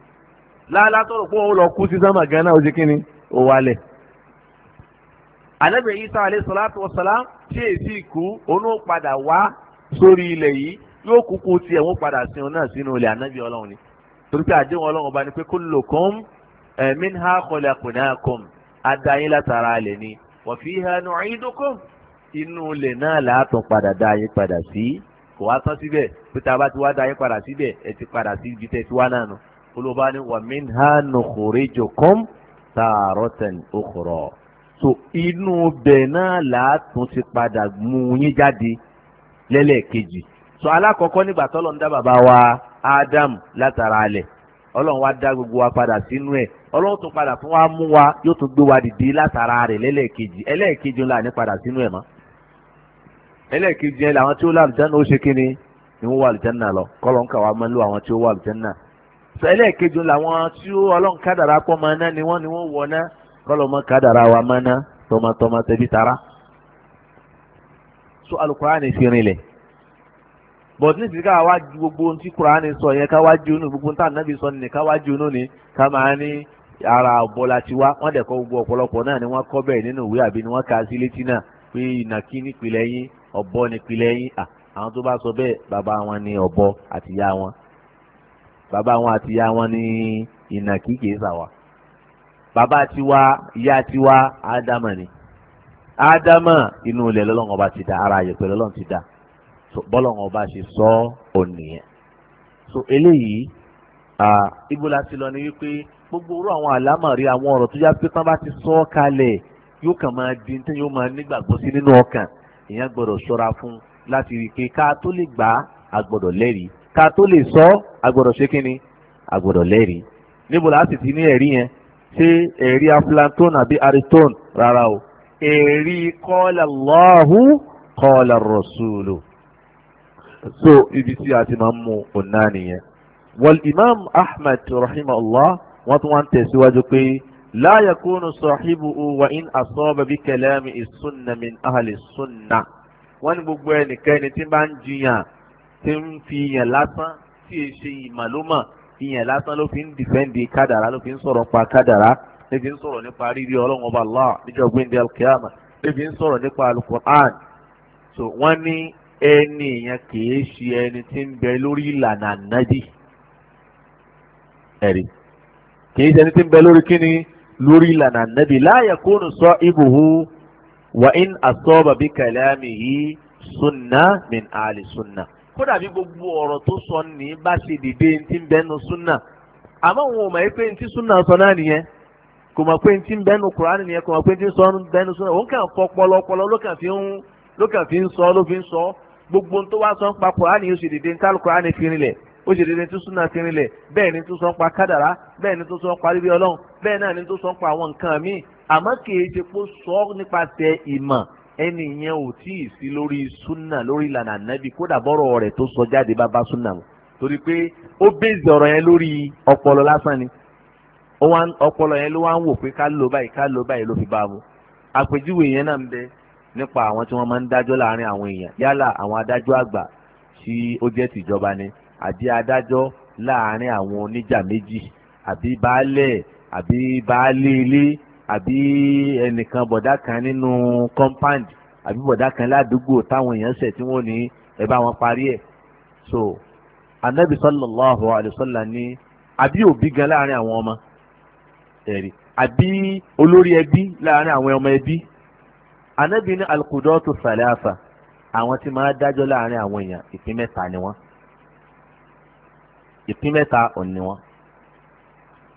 láàlá tọrọ lọ kú sí sámà gánà ó jẹ́ kí ni ó wálẹ̀ anabi isa alayhi salatu wasalam tí èsì ikú onú padà wá sórí ilẹ̀ yìí yóò kúkú tiẹ̀ wọ́n padà sí òun náà sínú ilẹ̀ ànábì ọlọ́run ni torí pé àdéhùn ọlọ́run ọba ni pé kullukum minha khalaqnakum adáyín látara alẹ̀ ni wa fiha nu'idukum inú ilẹ̀ náà látọ̀ padà dá yín padà sí kò wá tán síbẹ̀ pé tá a bá ti wá dá yín padà síbẹ̀ ẹ ti padà sí ibi tẹ́ ti wá náà nù olùbá ni wa minha nukhrijukum taratan ukhra so inú bẹ̀ náà látún ti padà mú yín jáde lẹ́lẹ́kejì sọ alákọ̀ọ́kọ́ nígbà tọ́lọ̀ ń dá bàbá wa Ádámù látara alẹ̀ ọlọ́run wa dá gbogbo wa padà sínú ẹ̀ ọlọ́run tún padà fún wa mú wa yóò tún gbé wa dìde látara rẹ̀ lẹ́lẹ́ẹ̀kejì ẹlẹ́ẹ̀kejì ńlá ní padà sínú ẹ̀ mọ́ ẹlẹ́ẹ̀kejì ẹ̀ làwọn tí ó lálùjáná ó ṣe kí ni ni wọ́n wà lùjáná lọ kọ́lọ́ ń kà wá mọ́ lù àwọn tí ó wà lùjáná sọ ẹlẹ́ẹ̀kejì làwọn tí ó ọlọ́run kádàrá pọ̀ mọ́ ná ni wọ́n ni wọ́n wọ̀ ná kọ́lọ́ mọ́ kádàrá wa mọ́ tara so alukóra ni fi but ní ìsìnká wa ju gbogbo ohun tí kuraani sọ yẹn ká wá ju nù gbogbo ohun tí ànábì sọ nìyẹn ká wá ju nù ká máa ní ara ọ̀bọ láti wá wọ́n dẹ̀ kọ́ gbogbo ọ̀pọ̀lọpọ̀ náà ni wọ́n kọ́ bẹ́ẹ̀ nínú ìwé àbí ni wọ́n kà sí létí náà pé ìnàkí nípìnlẹ̀ yín ọ̀bọ nípìnlẹ̀ yín àwọn tó bá sọ bẹ́ẹ̀ bàbá wọn ni ọ̀bọ àtìyá wọn bàbá wọn àtìyá wọn ni ìnàkí kìí sàwà bàbá tiwa ìyá tiwa ádámà ni ádámà inú ilẹ̀ lọ́lọ́run ọba ti dá ara yẹ̀pẹ̀ lọ́lọ́run ti dá bọ́lọ̀ngàn ọba ṣe sọ ọ́ nìyẹn. so eléyìí ibo la ti lọ ni wípé gbogbo orú àwọn àlámọ̀rí àwọn ọ̀rọ̀ tó yá pé tán bá ti sọ ọ́ kalẹ̀ yóò kàn máa di ní tẹ́yìn ó máa nígbàgbọ́ sí nínú ọkàn ìyẹn gbọ́dọ̀ ṣọ́ra fún láti rí i pé ká tó lè gbà á agbọ́dọ̀ lẹ́rìí ká tó lè sọ ọ́ agbọ́dọ̀ ṣe kínni agbọ́dọ̀ lẹ́rìí níbo la ti ní ẹ̀rí yẹn ṣé ẹ̀rí aflantone àbí aritone rárá o ẹ̀rí kọ́lá lọ́hùn kọ́lá rọ̀ṣùlù so ibi tí a ti máa ń mú ọ̀nà nìyẹn. wal imam ahmed rahimahullah wọ́n tún wá ń tẹ̀síwájú pé la yakunu sahibu wa in asaba bi kalami ìsúnna min ahli sunna. wọ́n ní gbogbo ẹnikẹ́ni tí bá ń jiyàn tí ń fi yàn lásán tí è ṣe ìmàlómà ìyàn lásán ló fi ń dìfẹ́ǹdì kádàrá ló fi ń sọ̀rọ̀ pa kádàrá ló fi ń sọ̀rọ̀ nípa rírí ọlọ́run ọba allah níjọ́ gbẹ̀ndẹ̀ alkiyama ló fi ń sọ̀rọ̀ nípa alukur'an. so wọ́n ní ẹni yẹn ka ṣe ẹni tí ń bẹ lórí ìlànà ànábì ẹ̀rí kìí ṣe ẹni tí ń bẹ lórí kíni lórí ìlànà ànábì sọ wa in asaba bi kalamihi sunna min ali sunna kódà bí gbogbo ọ̀rọ̀ tó sọ ní bá ṣe dìde ti ń bẹ́nu súnà àmọ́ òun ò mọ̀ pé ti súnà sọ náà nìyẹn kò mọ̀ pé ti ń nìyẹn kò mọ̀ pé ti ń sọ fọ pọlọpọlọ ló kàn fi ń sọ fi ń gbogbo tó wá sọ ń pa kùránì yóò ṣe dédé ní tálù kùránì fi rinlẹ̀ ó ṣe dédé ní tún súnà fi bẹ́ẹ̀ ni tún sọ ń pa kádàrá bẹ́ẹ̀ ni tún sọ ń pa rírí ọlọ́run bẹ́ẹ̀ náà ni tún sọ ń pa àwọn nǹkan míì àmọ́ kìí ṣe pé sọ nípasẹ̀ ìmọ̀ ẹni yẹn ò tí ì sí lórí súnà lórí ìlànà ànábì kódà bọ́rọ̀ rẹ̀ tó sọ jáde bá bá súnà mu torí pé ó bèèzì ọ̀rọ̀ yẹn lórí ọpọlọ lásán ni ọpọlọ yẹn ló wá ń wò pé ká lò báyìí ká lò báyìí ló fi bá a mu àpèjúwe yẹn náà ń bẹ́ẹ̀ nípa àwọn tí wọ́n máa ń dájọ́ láàrin àwọn èèyàn yálà àwọn adájọ́ àgbà tí ó jẹ́ tìjọba ni àbí adájọ́ láàrin àwọn oníjà méjì àbí baálẹ̀ àbí baálé ilé àbí ẹnìkan bọ̀dá kan nínú compound àbí bọ̀dá kan ládùúgbò táwọn èèyàn ṣẹ̀ tí wọ́n ní ẹ bá wọn parí ẹ̀ so anabi sallallahu alayhi wa sallam ni àbí òbí gan láàrin àwọn ọmọ ẹ̀rí àbí olórí ẹbí láàrin àwọn ọmọ ẹbí anabi ní alukudọ́tù sàlẹ́àfà àwọn tí máa dájọ́ láàrin àwọn èèyàn ìpín mẹ́ta ni wọ́n ìpín mẹ́ta òun ni wọ́n.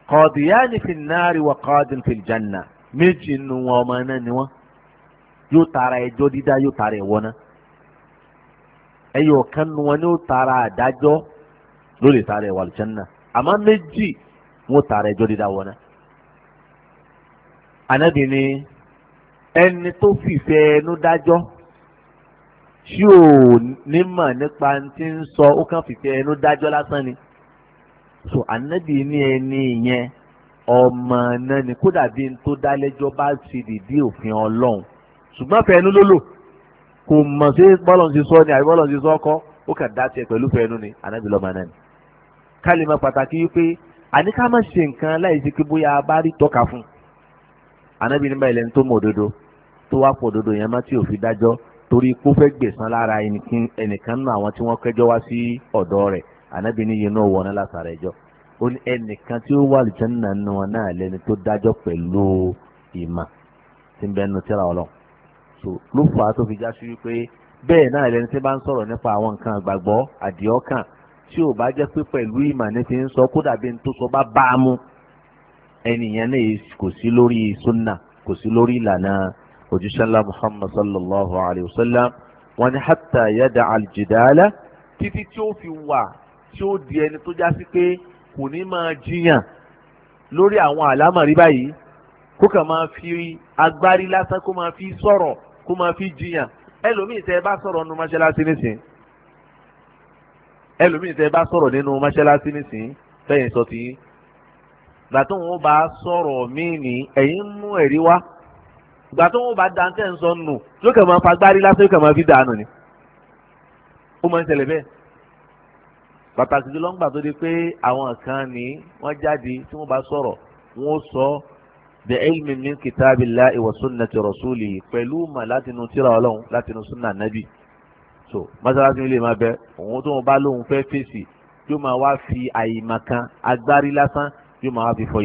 kọ̀dìyàní fi náàrí wà kọ́ọ̀dìn fi jànnà méjì nù wọn ọmọ náà ni wọ́n yóò tara ẹjọ́ dídá yóò tara ẹ̀wọ́ náà ẹyọ kan nù wọn ni ó tara àdájọ́ lórí tara ẹ̀wọ̀ àlùjànnà àmọ́ méjì wọn ó tara ẹjọ́ dídá wọn náà. anabi ẹni tó fìfẹ́ ẹnu dájọ́ tí ò nímọ̀ nípa ti ń sọ ó kàn fìfẹ́ ẹnu dájọ́ lásán ni so ànábì ní ẹni yẹn ọmọ náà ni kódà bí n tó dá lẹ́jọ́ bá ṣe dìde òfin ọlọ́run ṣùgbọ́n fẹ́ẹ́nu ló lò kò mọ̀ sí bọ́lọ̀ ti sọ ni àbí bọ́lọ̀ ti sọ ọkọ ó kàn dá tiẹ̀ pẹ̀lú fẹ́ẹ́nu ni ànábì lọ́mọ náà ni ká lè pàtàkì wípé àní ká ṣe nǹkan láì ṣe pé bóyá a bá rí tọ́ka fún ànábì nígbà ilẹ̀ ń tó mọ̀ òdodo tó wá pọ̀ dodo yẹn má tí ò fi dájọ́ torí kó fẹ́ gbẹ̀san lára ẹnìkan nínú àwọn tí wọ́n kẹjọ́ wá sí ọ̀dọ̀ rẹ̀ ànábì ní yẹn náà wọ̀ ní látara ẹjọ́ ó ní ẹnìkan tí ó wà lùtẹ́ni náà nínú wọn náà lẹ́ni tó dájọ́ pẹ̀lú ìmà tí ń bẹ nínú tíra ọlọ́ so ló fà á tó fi já sí wípé bẹ́ẹ̀ náà lẹ́ni tí bá ń sọ̀rọ̀ nípa àwọn nǹkan àgbàgbọ́ àdìọ́kàn tí ò bá jẹ́ pé pẹ̀lú ìmà ní ti ń sọ kó dàbí ní tó sọ bá bá a mú ẹnìyẹn náà kò sí lórí sunna kò sí lórí ìlànà òjíṣẹ́ ńlá muhammad sallallahu alayhi wa sallam wọ́n ní hatta yada aljidala títí tí ó fi wà tí ó di ẹni tó já sí pé kò ní máa jiyàn lórí àwọn àlámọ̀rí báyìí kó kàn máa fi agbárí lásán kó máa fi sọ̀rọ̀ kó máa fi jiyàn ẹlòmíì tẹ́ ẹ bá sọ̀rọ̀ nínú mọ́ṣáláṣí nísìn ẹlòmíì tẹ́ ẹ bá sọ̀rọ̀ nínú mọ́ṣáláṣí nísìn fẹ́yìn gbàtọ́ wọn bá sọ̀rọ̀ míì ní ẹ̀yìn mú ẹ̀rí wá ìgbà tó wọn bá dantẹ ń sọ nù yóò kàn máa fa gbárí lásán yóò kàn máa fi dànù ni ó máa ń ṣẹlẹ̀ bẹ́ẹ̀ pàtàkì jùlọ ń gbà tó di pé àwọn kan ní wọ́n jáde tí wọ́n bá sọ̀rọ̀ wọ́n sọ bi ilmi min kitabillahi wa sunnati rasulihi pẹ̀lú mà látinú tíra ọlọ́run látinú súnà nábì so mọ́sálásí ilé máa bẹ òun tó wọn bá lóun fẹ́ fèsì yóò máa wá fi àyìnmá kan agbárí lásán yóò máa wá fi fọ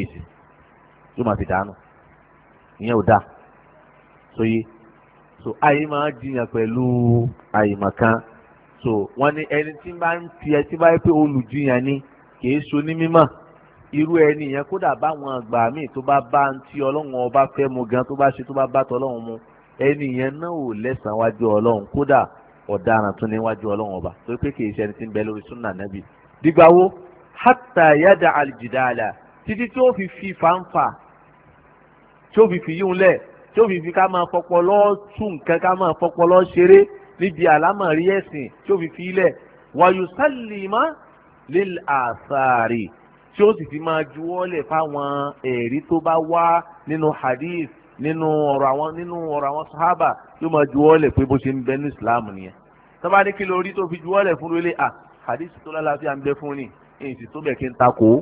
yóò máa fi dànù ìyẹn ò dáa sóyè so àyè máa jiyàn pẹ̀lú àyèmọ̀kan so wọ́n ní ẹni tí bá ń fi ẹtí báyìí pé olùjiyàn ni kìí so ní mímọ̀ irú ẹni yẹn kódà báwọn àgbà míì tó bá bá ń tí ọlọ́run ọba fẹ́ mu gan tó bá ṣe tó bá bá tọ́lọ́run mu ẹni yẹn náà ò lẹ́sàn-án wájú ọlọ́run kódà ọ̀daràn tún níwájú ọlọ́run ọba tó pé kìí ṣe ẹni tí ń bẹ lórí súnà nábì dìgbàwó hàtà yàdà àlìjìdá àlà títí tí ó fi fi fàǹfà tí ó fi fi yíhun lẹ́ẹ̀ tí ó fi fi ká máa fọpọlọ tún nǹkan ká máa fọpọlọ ṣeré níbi àlámọ̀rí ẹ̀sìn tí ó fi fi ilẹ̀ wàyùsálìmá lil àṣàrì tí ó sì fi máa juwọ́lẹ̀ fáwọn ẹ̀rí tó bá wá nínú hadith nínú ọ̀rọ̀ àwọn nínú ọ̀rọ̀ àwọn sahaba yóò máa juwọ́lẹ̀ pé bó ṣe ń bẹ ní islam nìyẹn sábà ní kí ló rí tó fi juwọ́lẹ̀ fún rẹ́lẹ̀ à hadith tó lálàáfíà ń bẹ fún ni èyí tó bẹ̀ kí n takò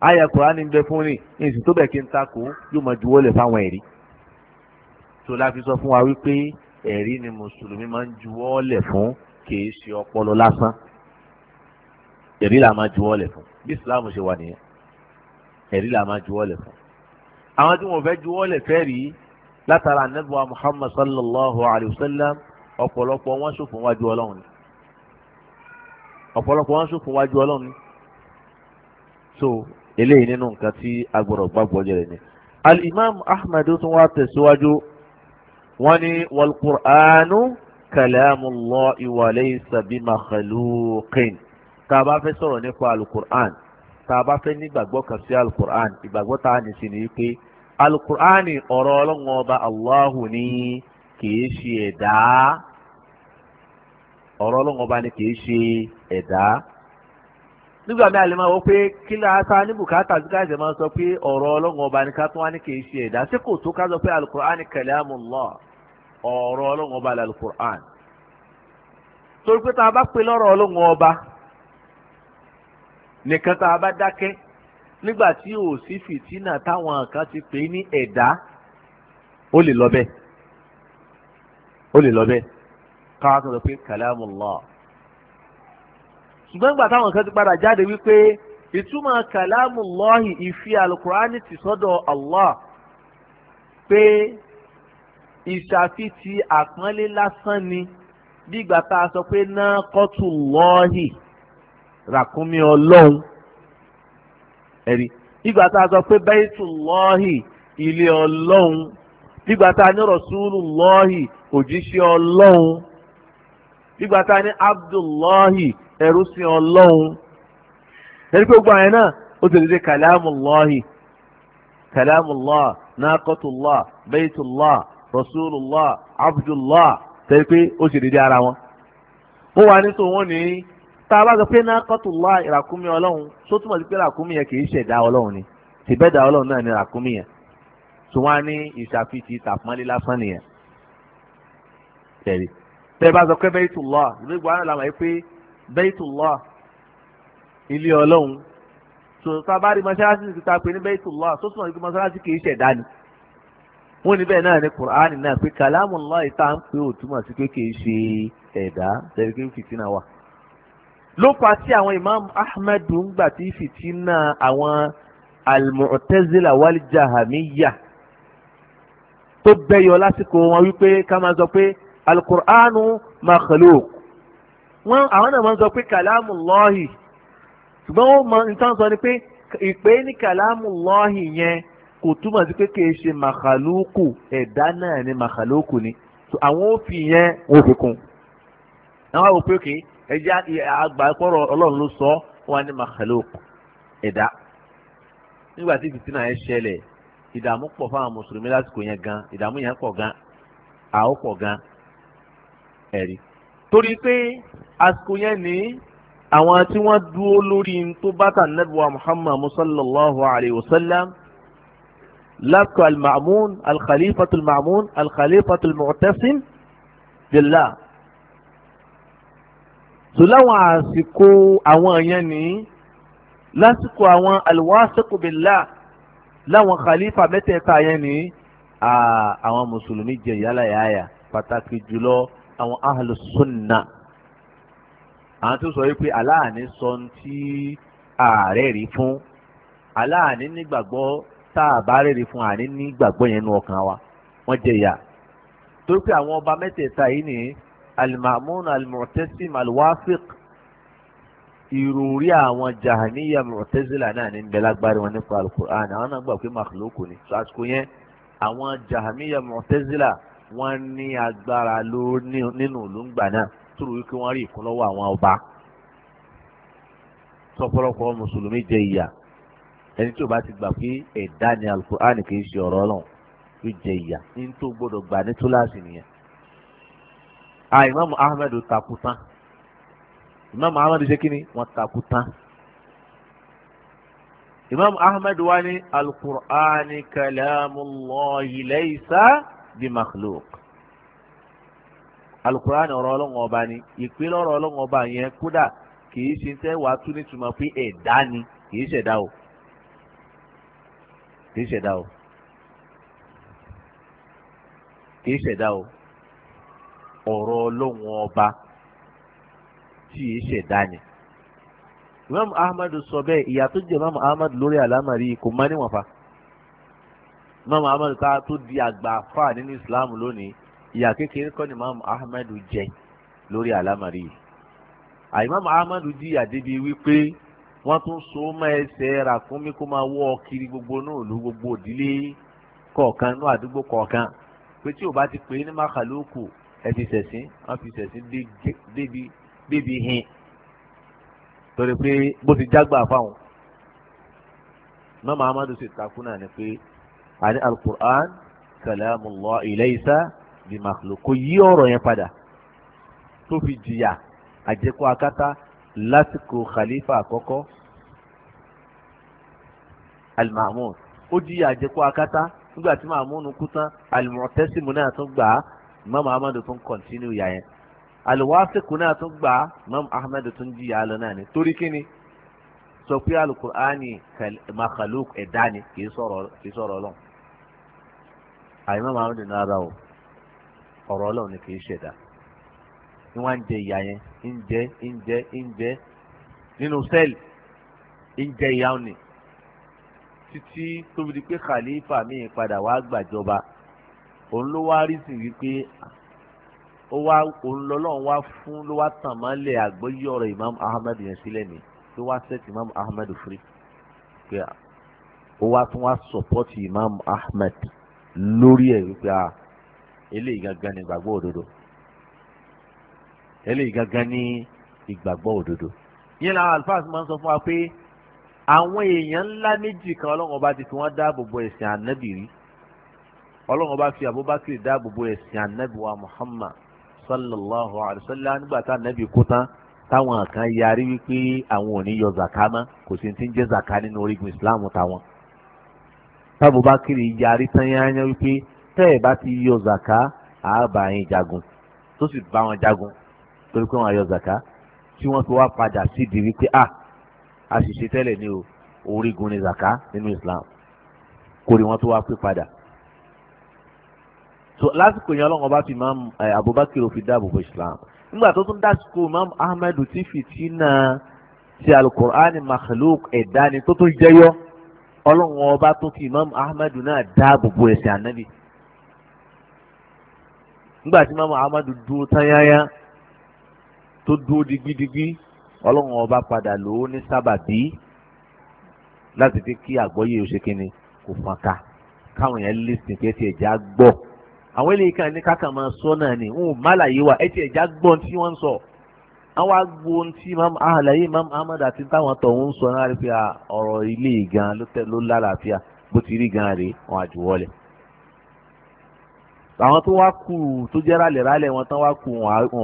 áyà kùránì ń bẹ fún ni èyí tó bẹ̀ kí n takò yóò máa juwọ́lẹ̀ fáwọn ẹ̀rí tó la fi sọ fún wa wípé ẹ̀rí ni mùsùlùmí máa ń juwọ́lẹ̀ fún kìí ṣe ọpọlọ lásán ẹ̀rí là máa juwọ́lẹ̀ fún bí islam ṣe wà nìyẹn ẹ̀rí là máa juwọ́lẹ̀ fún. àwọn tí wọn fẹ́ juwọ́lẹ̀ fẹ́ rí látara anabiwa muhammad sallallahu alayhi wa sallam ọ̀pọ̀lọpọ̀ wọn ṣòfò wájú ọlọ́run ni ọ̀pọ̀lọpọ̀ wọn ṣòfò wájú ọlọ́run ni so eléyìí nínú nǹkan tí agbọ̀rọ̀ gbàgbọ́ jẹ́rẹ̀ ni. al-imam ahmad tún wá tẹ̀síwájú. So, wọ́n ní wàlùkùránù kalamullahi wa laysa bi makhluqin tá a bá fẹ́ sọ̀rọ̀ nípa alukur'an tá a bá fẹ́ nígbàgbọ́ kan sí alukur'an ìgbàgbọ́ tá a ní ni pé alukur'ani ọ̀rọ̀ ọlọ́run ọba allahu ni kìí ṣe ẹ̀dá ọ̀rọ̀ ọlọ́run ọba ni kìí ṣe ẹ̀dá nígbà mi àlè máa wọ pé kí la ta ní bùkátà tí káyọ̀sẹ̀ máa sọ pé ọ̀rọ̀ ọlọ́run ọba ní ká tún wá ní kì í ṣe ẹ̀dá sí kò tó ká sọ pé alukur'an kalamullah ọ̀rọ̀ ọlọ́run ọba lalukur'an. torí pé tá a bá pe lọ́rọ̀ ọlọ́run ọba nìkan tá a bá dákẹ́ nígbà tí ò sí fìtínà táwọn kan ti pè ní ẹ̀dá ó lè lọ bẹ́ẹ̀ ó lè lọ bẹ́ẹ̀ ká sọ pé kalamullah ṣùgbọ́n nígbà táwọn kan ti padà jáde wípé ìtumọ̀ kàlámù lọ́hì ìfi alukurani ti sọ́dọ̀ Allah pé ìṣàfitì àpọ́nlé lásán ni bí ìgbà tá a sọ pé náà kọ́tù lọ́hì ràkúnmí ọlọ́run ẹ̀rí ìgbà tá a sọ pé bẹ́ẹ̀tù lọ́hì ilé ọlọ́run nígbà tá a ní rọ̀súlù lọ́hì òjíṣẹ́ ọlọ́run nígbà tá a ní abdullahi ẹrú sí ọlọ́run ẹni pé gbogbo àyẹn náà ó ti dédé kàlámùlọ́hì kàlámùlọ́hì nàkọ́tùlọ́hì bẹ́ẹ̀tùlọ́hì rasulullah abdullah tẹ́lẹ̀ pé ó ṣe ara wọn. ó wà ní ní tá a bá pé ọlọ́run ni tìbẹ́ẹ̀dá ọlọ́run náà ni ìràkúnmí yẹn tó wá ní tàpọ́nlé lásán nìyẹn. bá sọ pé Baitullah ilé ọlọ́run tó sábàárì mọ́ṣáláṣí ti ta pé ní Baitullah tó túnmọ̀ sí mọ́ṣáláṣí kì í ṣẹ̀dá ni wọ́n ní bẹ́ẹ̀ náà ní Qur'ani náà pé kalamullah ìta ń pè ó túmọ̀ sí pé kì í ṣe ẹ̀dá tẹ̀lifí fìtínà wà. ló pa tí àwọn Imam Ahmed ń gbà tí fìtínà àwọn al-Mu'tazila wal Jahamiyya tó bẹ́yọ lásìkò wọn wípé ká máa sọ pé al-Qur'anu makhluq wọ́n àwọn náà máa ń sọ pé kàlámù lọ́ọ̀hì ṣùgbọ́n wọ́n mọ nǹkan sọ ni pé ìpè ní kàlámù lọ́ọ̀hì yẹn kò túmọ̀ sí pé kìí ṣe màkàlókù ẹ̀dá náà ni màkàlókù ni àwọn òfin yẹn wọ́n fi kún àwọn àwọn òpin òkè ẹ̀jẹ̀ àgbà ẹ̀kọ́rọ̀ ọlọ́run ló sọ wọn ni màkàlókù ẹ̀dá nígbà tí fìtínà yẹn ṣẹlẹ̀ ìdààmú pọ̀ fáwọn mùsùlùmí lásìkò yẹn gan ìdààmú yẹn pọ̀ gan àó pọ̀ gan ẹ̀rí torí pé àsìkò yẹn ní àwọn tí wọ́n dúró lórí tó bàtà nàbíwá muhammad sallallahu alayhi wa sallam lákò al-ma'mun al-khalifatul ma'mun al-khalifatul mu'tasim billah so láwọn àsìkò àwọn yẹn ní lásìkò àwọn al-wasiqu billah láwọn khalifa mẹ́tẹ̀ẹ̀ta yẹn ní àwọn mùsùlùmí jẹ yálà yáyà pàtàkì jùlọ àwọn ahlus sunna àwọn tó sọ wípé aláàní sọ ti ààrẹ rí fún aláàní nígbàgbọ́ tá a bá rèrè fún àní nígbàgbọ́ yẹn nu ọkàn wa wọ́n jẹ ìyà torí pé àwọn ọba mẹ́tẹ̀ẹ̀ta yìí ni alimamun alimọ̀tẹ́sìm alwafik ìròrí àwọn jahaniya mọ̀tẹ́sílà náà ní bẹ́ẹ̀ lágbára wọn nípa alukur'an àwọn náà gbà pé màkìlókò ni so àsìkò yẹn àwọn jahaniya mọ̀tẹ́sílà wọ́n ní agbára ló nínú òlùngbà náà tóru wípé wọ́n rí ìkúnlọ́wọ́ àwọn ọba tọpọlọpọ mùsùlùmí jẹ ìyà ẹni tí ó bá ti gbà pé ẹ̀dá ni alukur'an kì í ṣe ọ̀rọ̀ Ọlọ́run yóò jẹ ìyà ní tó gbọ́dọ̀ gbà ní túláàsì nìyẹn. àìmáàmù Ahmed takú tán ìmáàmù Ahmed ṣe kí ni wọ́n takú tán. ìmáàmù Ahmed wá ní alukur'an kalamullahi laysa bí makhluk alukur'an ọ̀rọ̀ ọlọ́run ọba ni ìpínlẹ̀ ọ̀rọ̀ ọlọ́run ọba yẹn kódà kìí ṣe ń tẹ́ wàá tún nítumọ̀ pé ẹ̀dá ni kìí ṣẹ̀dá o kìí ṣẹ̀dá o kìí ṣẹ̀dá o ọ̀rọ̀ ọlọ́run ọba tí kìí ṣẹ̀dá ni. imam ahmad sọ bẹ́ẹ̀ ìyá jẹ́ imam ahmad lórí àlámàrí kò má níwọ̀n fa mọ́mọ́ ahmed ta tó di àgbà àfà nínú islam lónìí ìyà kékeré kọ́ ni mọ́mọ́ ahmed jẹ lórí àlámàrí yìí àìmọ́mọ́ ahmed jìyà débi wípé wọ́n tún so mọ́ ẹsẹ̀ ràkúnmí kó máa wọ́ kiri gbogbo náà lu gbogbo òdílé kọ̀ọ̀kan ní àdúgbò kọ̀ọ̀kan pé tí o bá ti pè é ní màkàlókù ẹ ti sẹ̀sìn wọ́n fi sẹ̀sìn débi débi hin torí pé bó ti jágbà fáwọn mọ́mọ́ ahmed sì takú náà ni pé àní alukur'an salamullah ilaysa bí makhluk kò yí ọ̀rọ̀ yẹn padà tó fi jìyà àjẹkọ akátá lásìkò khalifa àkọ́kọ́ al-Ma'mun ó jìyà àjẹkọ akátá nígbà tí Ma'mun kú tán al-Mu'tasim náà tún gbà á Imam Ahmad tún kọ̀ntínú yà yẹn al-Wasiq náà tún gbà á Imam Ahmad tún jìyà lọ náà ni torí kíni sọ pé alukur'ani makhluk ẹ̀dá ni kì í sọ̀rọ̀ lọ́wọ́ àìmọ́ máa ń dùn lára o ọ̀rọ̀ ọlọ́run ni kì í ṣẹ̀dá ni wọ́n á ń jẹ ìyá yẹn ń jẹ ń jẹ ń jẹ nínú sẹ́ẹ̀lì ń jẹ ìyá òní títí tóbi di pé khalifa míì padà wá gbàjọba òun ló wá rí sí wípé ó wá òun lọ́lọ́run wá fún ló wá tàn mọ́lẹ̀ àgbọ́yé ọ̀rọ̀ imam ahmed yẹn sílẹ̀ ni ló wá sẹ́ẹ̀tì imam ahmed fúri pé ó wá tún wá sọ̀pọ́tì imam ahmed lórí ẹ̀ wípé a ah, eléyìí gangan ni ìgbàgbọ́ òdodo eléyìí gangan ni ìgbàgbọ́ òdodo yẹn làwọn àlùfáà máa ń sọ fún wa pé àwọn èèyàn ńlá méjì kan ọlọ́run ọba ti fi wọ́n dáàbò bo ẹ̀sìn ànábì rí ọlọ́run ọba fi abubakar dáàbò bo ẹ̀sìn ànábì wa muhammad sallallahu alayhi wa sallam nígbà tá ànábì kú tán táwọn kan yarí wípé àwọn ò ní yọ zaka kò sí ti ń jẹ́ zaka nínú orígun islam táwọn tábùbákiri yarí tán yányá wípé tẹ́ ẹ̀ bá ti yọ zàká àábà yín jagun tó sì bá wọn jagun torí pé wọn yọ zàká tí wọ́n fi wá padà sídìí wípé ah, a àṣìṣe tẹ́lẹ̀ ni o orígun ni zàká nínú Islam kórè wọn tó wá pé padà so lásìkò yẹn ọlọ́run ọba fi imam eh, abubakar fi dáàbò bo islam nígbà tó tún dásìkò imam ahmed ti fìtínà ti alukur'ani makhluk ẹ̀dá ni tó tún jẹyọ ọlọ́run ọba tó fi imam ahmadu náà dáàbò bo ẹ̀sìn ànábì nígbà tí imam ahmadu dúró tányáyá tó dúró digbidigbi ọlọ́run ọba padà lò ní sábàbí láti fi kí àgbọ́yé oṣù kínní kò fọ́nká káwọn yẹn lísìn pé tiẹ̀ já gbọ́ àwọn eléyìí kan ní sọ náà ni ń málàyé wa ẹ gbọ́ sọ. So àwọn agbo tí àlàyé imam ahmed àti táwọn tọ̀hún ń sọ náà rí pé ọ̀rọ̀ ilé gan ló tẹ̀ ló lálàáfíà bó ti rí gan rèé wọn àjùwọ́lẹ̀. àwọn tó wá kù tó jẹ́ rálẹ̀rálẹ̀ wọn tán wá kù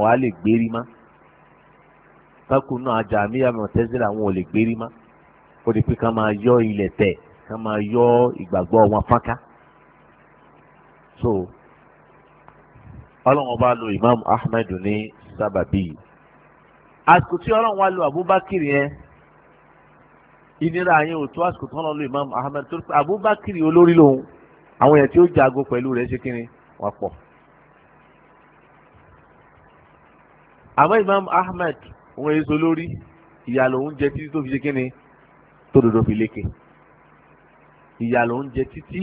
wọn á lè gbérí má kákù náà ajá míyàmọ̀ tẹ́sílà wọn ò lè gbérí má ó di pé ká máa yọ ilẹ̀ tẹ̀ ká máa yọ ìgbàgbọ́ wọn fánká. so ọlọ́run ọba lo imam ahmed ní sábàbí yìí àsìkò tí ọlọ́run wá lo abubakar yẹn ìnira yẹn ò tó àsìkò tí ọlọ́run lo imam ahmed tó pé abubakar olórí lòun àwọn èèyàn tí ó jago pẹ̀lú rẹ̀ ṣe kínní wọ́n pọ̀. àmọ́ imam ahmed òun èso lórí ìyà lòun jẹ títí tó fi ṣe kínní tó dodo fi lékè ìyà lòun jẹ títí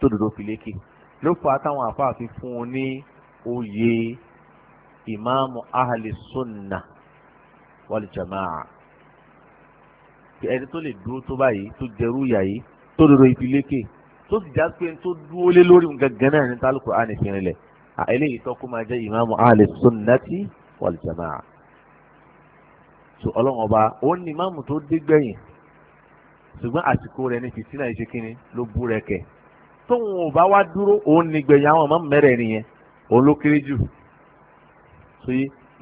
tó dodo fi lékè ló fà á táwọn fún un ní oyè ìmáàmù ahàlì wal jamaa kí ẹni tó lè dúró tó báyìí tó jẹrú ìyà yìí tó dodo ìfilékè tó sì já pé tó dúró lé lórí gangan náà ní tálùkù á nìfin rẹ eléyìí tó kó máa jẹ ìmáàmù ahli sunnati wal jamaa so ọlọ́run ọba òun ni ìmáàmù tó dé gbẹ̀yìn ṣùgbọ́n àsìkò rẹ̀ ní fìtínà ìṣekínni ló bú rẹ̀ kẹ̀ tóun ò bá wá dúró òun ni àwọn ọmọ mẹ́rẹ̀ nìyẹn òun ló kéré jù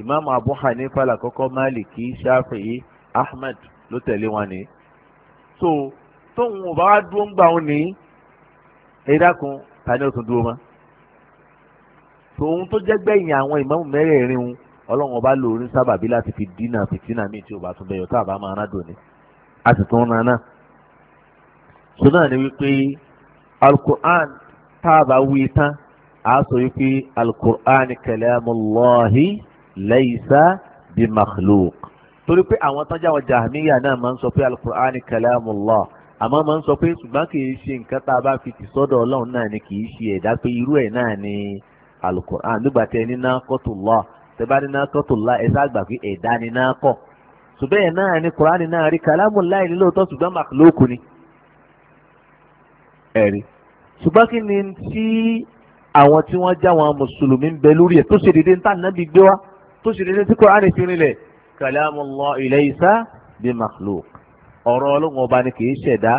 ìmáàmù abu hanifa làkọ́kọ́ maliki shafi'i ahmed ló tẹ̀lé wọn ni. so tóun ò bá wá dúró ń gbà wọn ní ẹ̀dá kan tani ó tún dúró mọ́. tòun tó jẹ́ gbẹ̀yìn àwọn ìmáàmù mẹ́rẹ̀ẹ̀rin wọn ọlọ́run ọba lóorin sábàbí láti fi dínà fìtínà míì tí ò bá tún bẹ̀yọ̀ tá a bá máa rádùn ni a sì tún ran náà. so náà ni wípé alukur'an tá a bá wí tán a sọ wípé alukur'an kalamullahi. leisa bi makhluq torí pé àwọn tọ́jà wọn jahamiya náà máa ń sọ pé alukur'ani kalamullah àmọ́ máa ń sọ pé ṣùgbọ́n kì í ṣe nǹkan bá fi ti sọ́dọ̀ ọlọ́run náà ni kì í ṣe ẹ̀dá pé irú ẹ̀ náà ni alukur'an nígbà tí ẹni náà kọ́tùlá bá ní náà pé ẹ̀dá ni náà kọ́ ṣùgbọ́n ẹ̀ náà ni kur'ani náà rí kalamullah ni lóòótọ́ ṣùgbọ́n makhluku ni ni tí àwọn tó ṣe déédéé tí Kùránì fi rinlẹ̀ kalamullahi laysa bi makhluq ọ̀rọ̀ ọlọ́run ọba ni kì í ṣẹ̀dá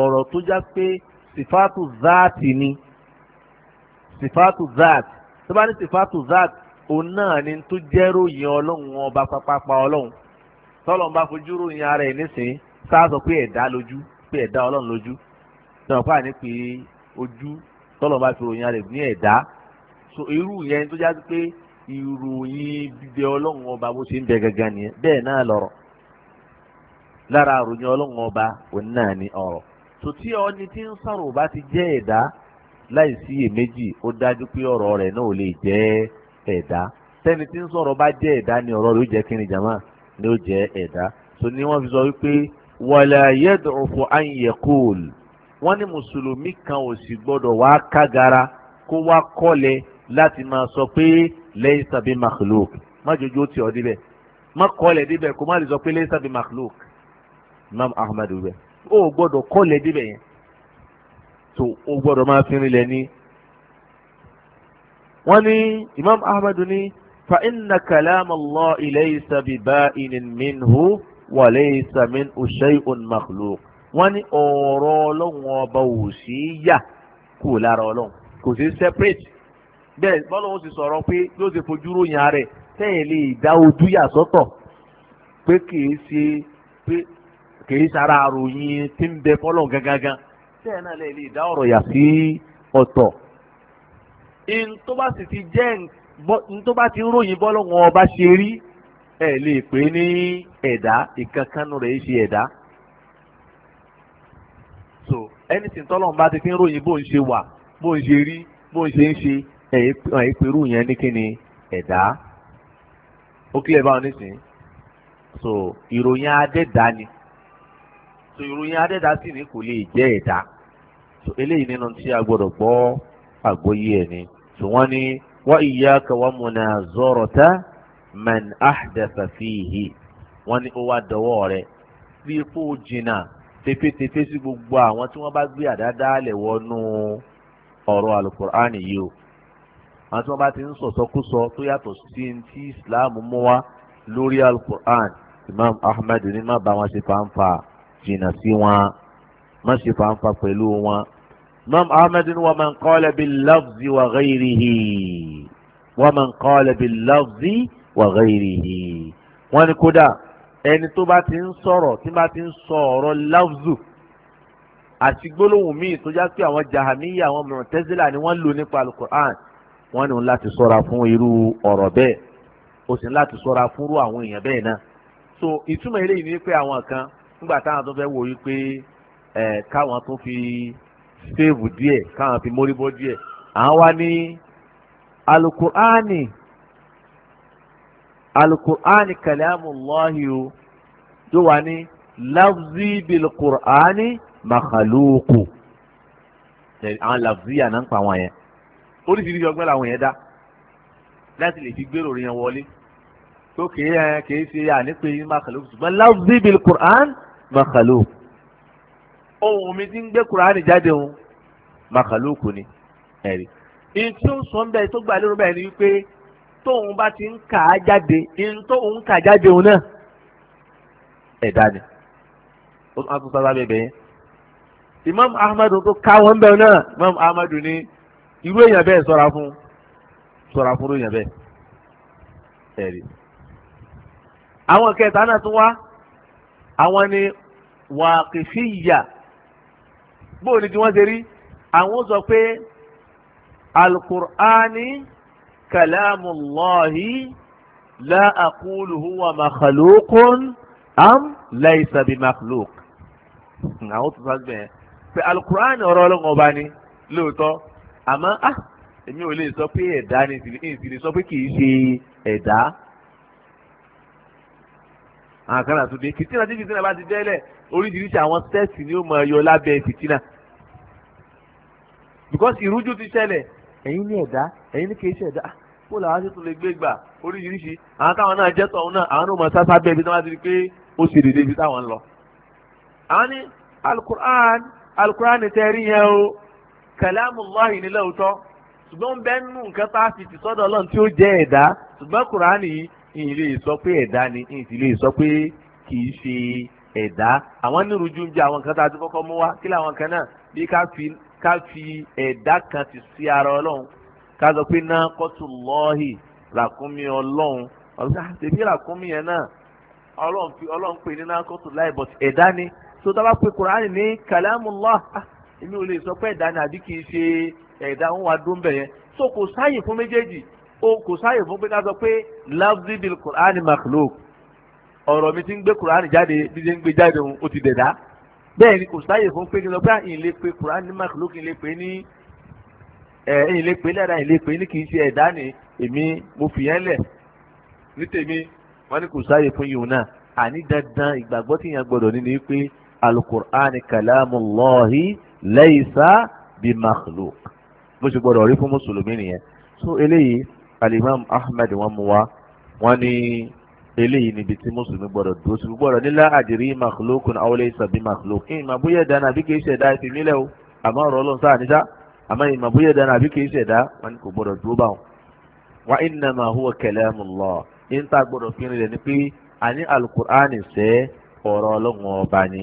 ọ̀rọ̀ tó já pé sifatu zaati ni sifatu zaati tó bá ní sifatu zaati òun náà ni tó jẹ́ ròyìn ọlọ́run ọba pápápá ọlọ́run tọ́lọ́run bá fojú ròyìn ara ẹ̀ nísìnyí sáà pé ẹ̀dá lójú pé ẹ̀dá ọlọ́run lójú tọ́lọ́run pa pé ojú tọ́lọ́run bá fi ròyìn ara ẹ̀ ní ẹ̀dá irú yẹn tó já pé ìròyìn bíbẹ ọlọ́run ọba bó ṣe ń bẹ gangan nìyẹn bẹ́ẹ̀ náà lọ́rọ̀ lára àròyìn ọlọ́run ọba òun náà ni ọ̀rọ̀ tí ọni tí ń sọ̀rọ̀ bá ti jẹ́ ẹ̀dá láì sí ó dájú pé ọ̀rọ̀ rẹ̀ náà ò lè jẹ́ ẹ̀dá tẹ́ni tí ń sọ̀rọ̀ bá jẹ́ ẹ̀dá ni ọ̀rọ̀ rẹ̀ ó jẹ́ kíni jàmá ni ó jẹ́ ẹ̀dá tó ní wọ́n fi sọ wípé sọ pé laysa bi makhluk má jojú ó ti ọ débẹ̀ má kọ́lẹ̀ débẹ̀ kó má lè sọ pé laysa bi makhluk imam ahmad wẹ̀ ó gbọ́dọ̀ kọ́lẹ̀ débẹ̀ yẹn tó ó gbọ́dọ̀ máa fi rinlẹ̀ ní. wọ́n ní imam ahmad ní fa inna kalam allah laysa bi ba'inin minhu wa laysa minhu shay'un makhluk wọ́n ní ọ̀rọ̀ ọlọ́run ọba ò sí yà kó lára ọlọ́run kò sí separate. bẹ́ẹ̀ bọ́lọ́wọ́ sì sọ̀rọ̀ pé bí ṣe fojú ròyìn rẹ tẹ́yìn lè dá ojú yà sọ́tọ̀ pé kìí ṣe pé kìí ṣara àròyìn tí ń bẹ gangan tẹ́yìn náà lè lè dá ọ̀rọ̀ yà sí ọ̀tọ̀. ntó ti ròyìn ṣe rí ẹ̀ lè pè ní ẹ̀dá ṣe ẹ̀dá. so ròyìn ẹ̀yìn perú yẹn ní kíni ẹ̀dá ó kílẹ̀ báwọn nísìnyí so ìròyìn adẹ́dá ni so ìròyìn adẹ́dá sì ní kò lè jẹ́ ẹ̀dá so eléyìí nínú tí a gbọ́dọ̀ gbọ́ àgbọ́yé ẹ̀ ni so wọ́n ní wa iyyaka wa munazarata man ahdatha fihi wọ́n ní ó wá dọwọ́ rẹ̀ bí kó jìnnà tefetefe sí gbogbo àwọn tí wọ́n bá gbé àdádálẹ̀ wọnú ọ̀rọ̀ alukur'ani yìí o àwọn tí wọ́n bá ti ń sọ̀sọ́kúsọ tó yàtọ̀ sí ní ti islam mú wá lórí alukur'an imam ahmed ní má bá wọn ṣe fàǹfà jìnnà sí wọn má ṣe fàǹfà pẹ̀lú wọn. imam ahmed ní wa man qala bil lafzi wa ghayrihi wa man qala bil lafzi wa ghayrihi. wọ́n ní kódà ẹni tó bá ti ń sọ̀rọ̀ tí bá ti ń sọ ọ̀rọ̀ àti gbólóhùn míì tó já sí àwọn jahamiya àwọn mu'tazila ni wọ́n lò nípa alukur'an wọ́n ní láti sọ́ra fún irú ọ̀rọ̀ bẹ́ẹ̀ ó sì ní láti sọ́ra fúnrú àwọn èèyàn bẹ́ẹ̀ náà so ìtumọ̀ eléyìí ni pé àwọn kan nígbà táwọn tó fẹ́ wò yí pé ẹ̀ káwọn tó fi sèèvù díẹ̀ káwọn fi mórí bọ́ àwọn wá ní alukur'ani alukur'ani kalamullahi o yóò wá ní lafzi bilkur'ani makhaluku àwọn lafzi yà náà ń pa wọn yẹn oríṣiríṣi ọgbọ́n làwọn yẹn dá láti lè fi gbèrò yẹn wọlé tó kìí ẹ eh, kìí ṣe ànípe makhluk ṣùgbọ́n láwùjí bíi Qur'an makhluk ohun mi ti ń gbé Qur'an jáde òun makhluk ni ẹ̀rí ìyẹn tí ó sọ ń bẹ́ẹ̀ tó gbà lérò bẹ́ẹ̀ ni wípé tóun bá ti ń kà á jáde ìyẹn tóun kà jáde òun náà ẹ̀dá ni ó tún á tún sábà bẹ́ẹ̀ bẹ́ẹ̀ Imam Ahmadu tó káwọn bẹ́ẹ̀ náà Imam Ahmadu ni irú èèyàn bẹ́ẹ̀ sọ́ra fún sọ́ra fún irú èèyàn bẹ́ẹ̀ ẹ̀rí. àwọn kẹta náà tún wá àwọn ni wàkìfìyà bóòlù tí wọ́n ṣe rí àwọn sọ pé alukur'ani kàlámùlọ́hì láàkúlù huwa màkàlókún am láìsà bí màkàlók. àwọn tó sọ pé alukur'ani ọ̀rọ̀ ọlọ́run ọba ni lóòótọ́ àmọ́ ah èmi ò lè sọ pé ẹ̀dá ni ìsì lè sọ pé kì í ṣe ẹ̀dá. àwọn kan àtúndé fìtínà tí fìtínà bá ti dẹ́lẹ̀ oríṣiríṣi àwọn sẹ́ẹ̀sì ni ó máa yọ lábẹ́ fìtínà. because ìrújú ti ṣẹlẹ̀ ẹ̀yin ní ẹ̀dá ẹ̀yin ní kì í ṣe ẹ̀dá kó ah, làwọn ṣe tún lè gbé gbà oríṣiríṣi àwọn táwọn náà jẹ́ tọ̀hún náà àwọn náà mọ̀ sáfá bẹ́ẹ̀ bí wọ́n ti rí pé ó ṣe dédé ibi táwọn ń lọ. àwọn ní alukur'an alukur'an tẹ́rí yẹn o kalamullahi ní lóòótọ́ ṣùgbọ́n bẹ́ẹ̀ nǹkan tá a fi ti sọ́dọ̀ ọlọ́run tí ó jẹ́ ẹ̀dá ṣùgbọ́n kùránì ìyìn lè sọ pé ni ìyìn sì lè sọ pé kì í ṣe ẹ̀dá àwọn nírújú ń bí àwọn nǹkan tá a ti kọ́kọ́ fi ẹ̀dá ara ọlọ́run ká sọ pé náà kọ́tù lọ́ọ̀hì ọlọ́run yẹn náà ọlọ́run pè ní náà kọ́tù láì bọ̀t ni kùránì ní èmi ò lè sọ pé ẹ̀dá ni àbí kì í ṣe ẹ̀dá wọn wá dún bẹ̀yẹn so kò sáàyè fún méjèèjì o kò sáàyè fún pé ká sọ pé lafzi bil Qur'an makhluk ọ̀rọ̀ mi ti ń gbé Qur'an jáde bí ṣe ń gbé jáde òun ó ti dẹ̀dá bẹ́ẹ̀ ni kò sáàyè fún pé kí n lọ pé àyìn ah, lè pe Qur'an ní makhluk kí n lè pe ní ẹ̀yìn lè pe lẹ́dá ẹ̀yìn lè pe ní kì í ṣe ẹ̀dá ni èmi mo fìyẹn lẹ̀ ní tèmi wọ́n ní kò sáàyè fún yìí náà àní dandan ìgbàgbọ́ tí yẹn gbọ́dọ̀ ní ni pé alukur'an kalamullahi leisa bi makhluq bó ṣe gbọ́dọ̀ rí fún mùsùlùmí nìyẹn so eléyìí alimam ahmed wọn mú wa wọn ní eléyìí níbi tí mùsùlùmí gbọ́dọ̀ dúró sí gbọ́dọ̀ nílá àdìrí makhluqun aw laysa bi makhluq ìmọ̀ bóyá dáná àbí kìí ṣẹ̀dá ẹ̀fìn nílẹ̀ o àmọ́ ọ̀rọ̀ ọlọ́run sáà níta àmọ́ ìmọ̀ dáná àbí ṣẹ̀dá wọn kò dúró bá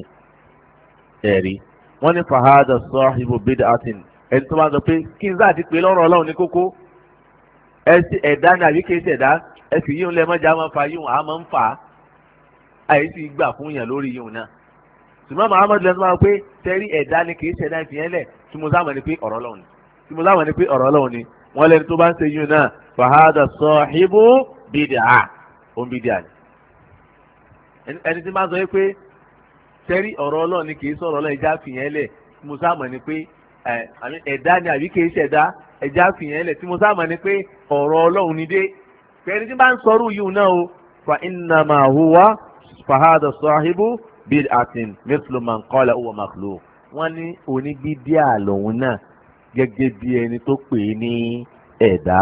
wọn. wọ́n ní fahadà sọ́hìbù bídà àtìn ẹni tó máa sọ pé kí n sáà ti pè lọ́rọ̀ ọlọ́run ní kókó ẹ̀dá ni àbí kéésì ẹ̀dá ẹ̀sìn yíyún lẹ́mọ́jà máa fa yíyún àmọ́ ń fà á àyè sì gbà fún yàn lórí yíyún náà ṣùgbọ́n muhammadu lẹ́nu máa pé tẹ́rí ẹ̀dá ni kìí ṣẹ̀dá ìfìyẹn lẹ̀ tí mo sáwọn ni pé ọ̀rọ̀ lọ́wọ́ ni tí mo sáwọn ni pé ọ̀rọ̀ lọ́wọ́ ni wọ́n lẹ́ni tó bá ń ṣe yíyún náà fahadà sahibu bídà ẹni tí máa sọ pé tẹ́rí ọ̀rọ̀ ọlọ́run ni kì í sọ̀rọ̀ ọlọ́run ẹja fìyẹn lẹ̀ tí mo sá mọ̀ ni pé ẹ̀dá ni àbí kì í ṣẹ̀dá ẹja fìyẹn lẹ̀ tí mo sá mọ̀ ni pé ọ̀rọ̀ ọlọ́run ni dé tẹ́rí tí bá ń sọrú yìí náà o fa innama huwa fahadà sahibu bil atin mithlu man qala huwa makhluq wọ́n ní oníbídíà lòun náà gẹ́gẹ́ bí ẹni tó pè é ní ẹ̀dá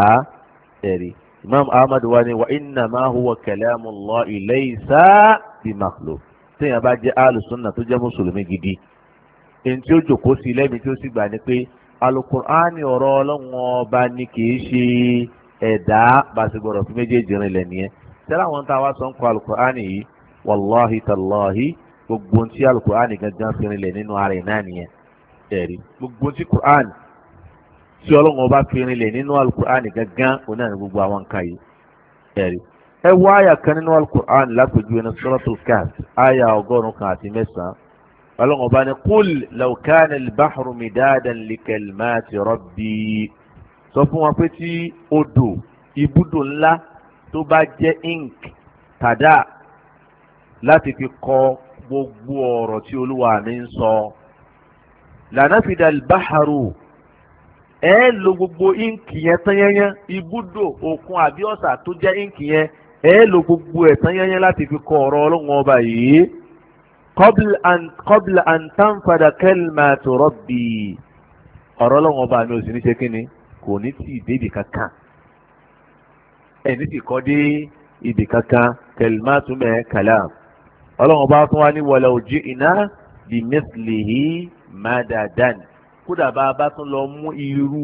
ẹ̀rí imam ahmad wani wa innama huwa kalamullahi laysa bi makhluq téèyàn bá jẹ́ alùsùnà tó jẹ́ mùsùlùmí gidi èyí tí ó jòkó sí lẹ́mìí tí ó sì gbà ní pé alukur'ani ọ̀rọ̀ ọlọ́run ọba ni kìí ṣe ẹ̀dá bàṣẹgbọ̀rọ̀ fún méjèèjì rìnlẹ̀ àwọn tá a wá sọ ń kọ alukur'ani yìí wàláhi tàláhi gbogbo alukur'ani gangan fi nínú ara nìyẹn ẹ̀rí gbogbo kur'ani tí ọba fi nínú alukur'ani gangan ẹ wá àyà kan nínú alukur'an lápèjúwe ní suratul Kahf àyà ọgọ́rùn-ún kan àti mẹ́sàn-án ọlọ́run ọba ní kúl law kana al-bahru midadan li kalimati rabbi sọ fún wa pé tí odò ibùdó ńlá tó bá jẹ́ ink tàdá láti fi kọ gbogbo ọ̀rọ̀ tí olúwa mi ń sọ lànàfidà al-bahru ẹ lo gbogbo ink yẹn tán yẹn yẹn ibùdó òkun àbí ọ̀sà tó jẹ́ ink yẹn ẹ lo gbogbo ẹ̀tàn yẹnyẹn láti fi kọ ọ̀rọ̀ ọlọ́run ọba yìí kọ́bìlà àǹtàǹfàdà kẹ́lìmàtò rọ́bì ọ̀rọ̀ ọlọ́run ọba mi ò sì ní ṣe kí ni kò ní tí ì débi kankan ẹ̀ ní tí kọ́ dé ibì kankan kẹ́lìmàtò mẹ́ kàlàm ọlọ́run ọba fún wa ní wọlé òjì iná bí mẹ́sìlìhì mádàdán kódà bá a bá tún lọ mú irú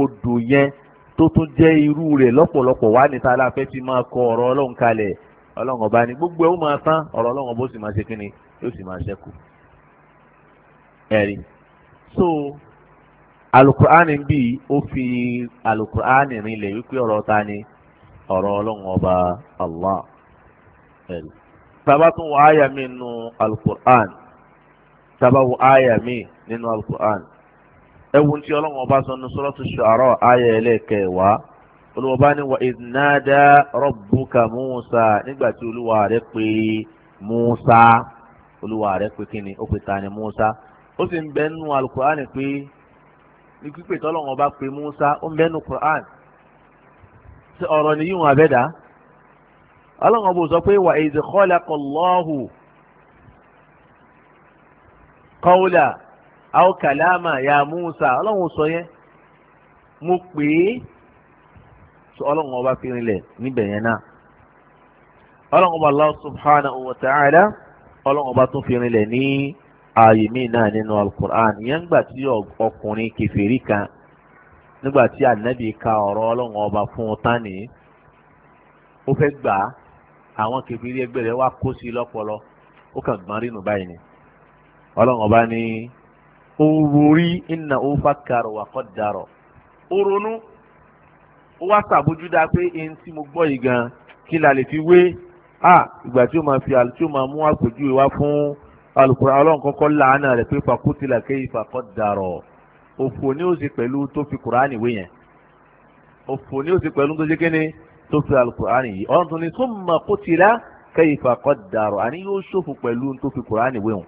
odò yẹn tó tún jẹ́ irú rẹ̀ lọ́pọ̀lọpọ̀ wá níta la fẹ́ fi máa kọ ọ̀rọ̀ ọlọ́run kalẹ̀ ọlọ́run ọba ni gbogbo ẹ̀ ó máa tán ọ̀rọ̀ ọlọ́run ọba ó sì máa ṣe kínni yóò sì máa ṣẹ́kù. ẹ̀rí so alukur'ani bí ó fi alukur'ani rinlẹ̀ wípé ọ̀rọ̀ ta ni ọ̀rọ̀ ọlọ́run ọba Allah ẹ̀rí. sábà tún wọ àyà mi nínú alukur'an sábà wọ àyà mi nínú alukur'an ẹwùn tí ọlọ́run ọba sọ ní suratu Shu'ara ayé ẹlẹ́kẹ̀ẹ́wàá olùwọ́ba ní wa idh nada rabbuka Musa nígbà tí olúwa rẹ̀ pé Musa olúwa rẹ̀ pé kíni ó pè ta ni Musa ó sì ń bẹ nínú alukur'an pé ní pípé tọ́lọ́run ọba pé Musa ó ń bẹ nínú kur'an ọ̀rọ̀ ni yíwọ̀n abẹ́dá ọlọ́run ọba sọ pé wa idh khalaqa Allahu aw kalama ya Musa ọlọ́run sọ yẹn mo pè é sọ ọlọ́run ọba fi rinlẹ̀ níbẹ̀ yẹn náà ọlọ́run ọba Allah subhanahu wa ta'ala ọlọ́run ọba tún fi rinlẹ̀ ní ààyè míì náà nínú alukur'an yẹn gbà tí ọkùnrin kẹfìrí kan nígbà tí ànábì ka ọ̀rọ̀ ọlọ́run ọba fún un ó fẹ́ gbà á àwọn kẹfìrí ẹgbẹ́ rẹ̀ wá kó sí lọ́pọlọ ó kàn gbọ́n rínú báyìí ni ọlọ́run ọba ní òwúrí iná ó fàkàrọ̀ wà kọ́ darọ̀ ó ronú ó wá sàbójúdá pé ẹni tí mo gbọ́ yìí gan kí la lè fi wé a ìgbà tí ó máa fi àlùtí ó máa mú àpèjúwe wá fún alukura ọlọ́run kọ́kọ́ làánà rẹ̀ pé fakútìlà kéyìí fakọ́ darọ̀ òfò ni ó sì pẹ̀lú tó fi kuraani wé yẹn òfò ni ó sì pẹ̀lú tó ṣe kéne tó fi alukuraani yìí ọ̀run tó ní summa kútìlà kéyìí fakọ́ àní yóò ṣòfò pẹ̀lú tó fi kuraani wé wọn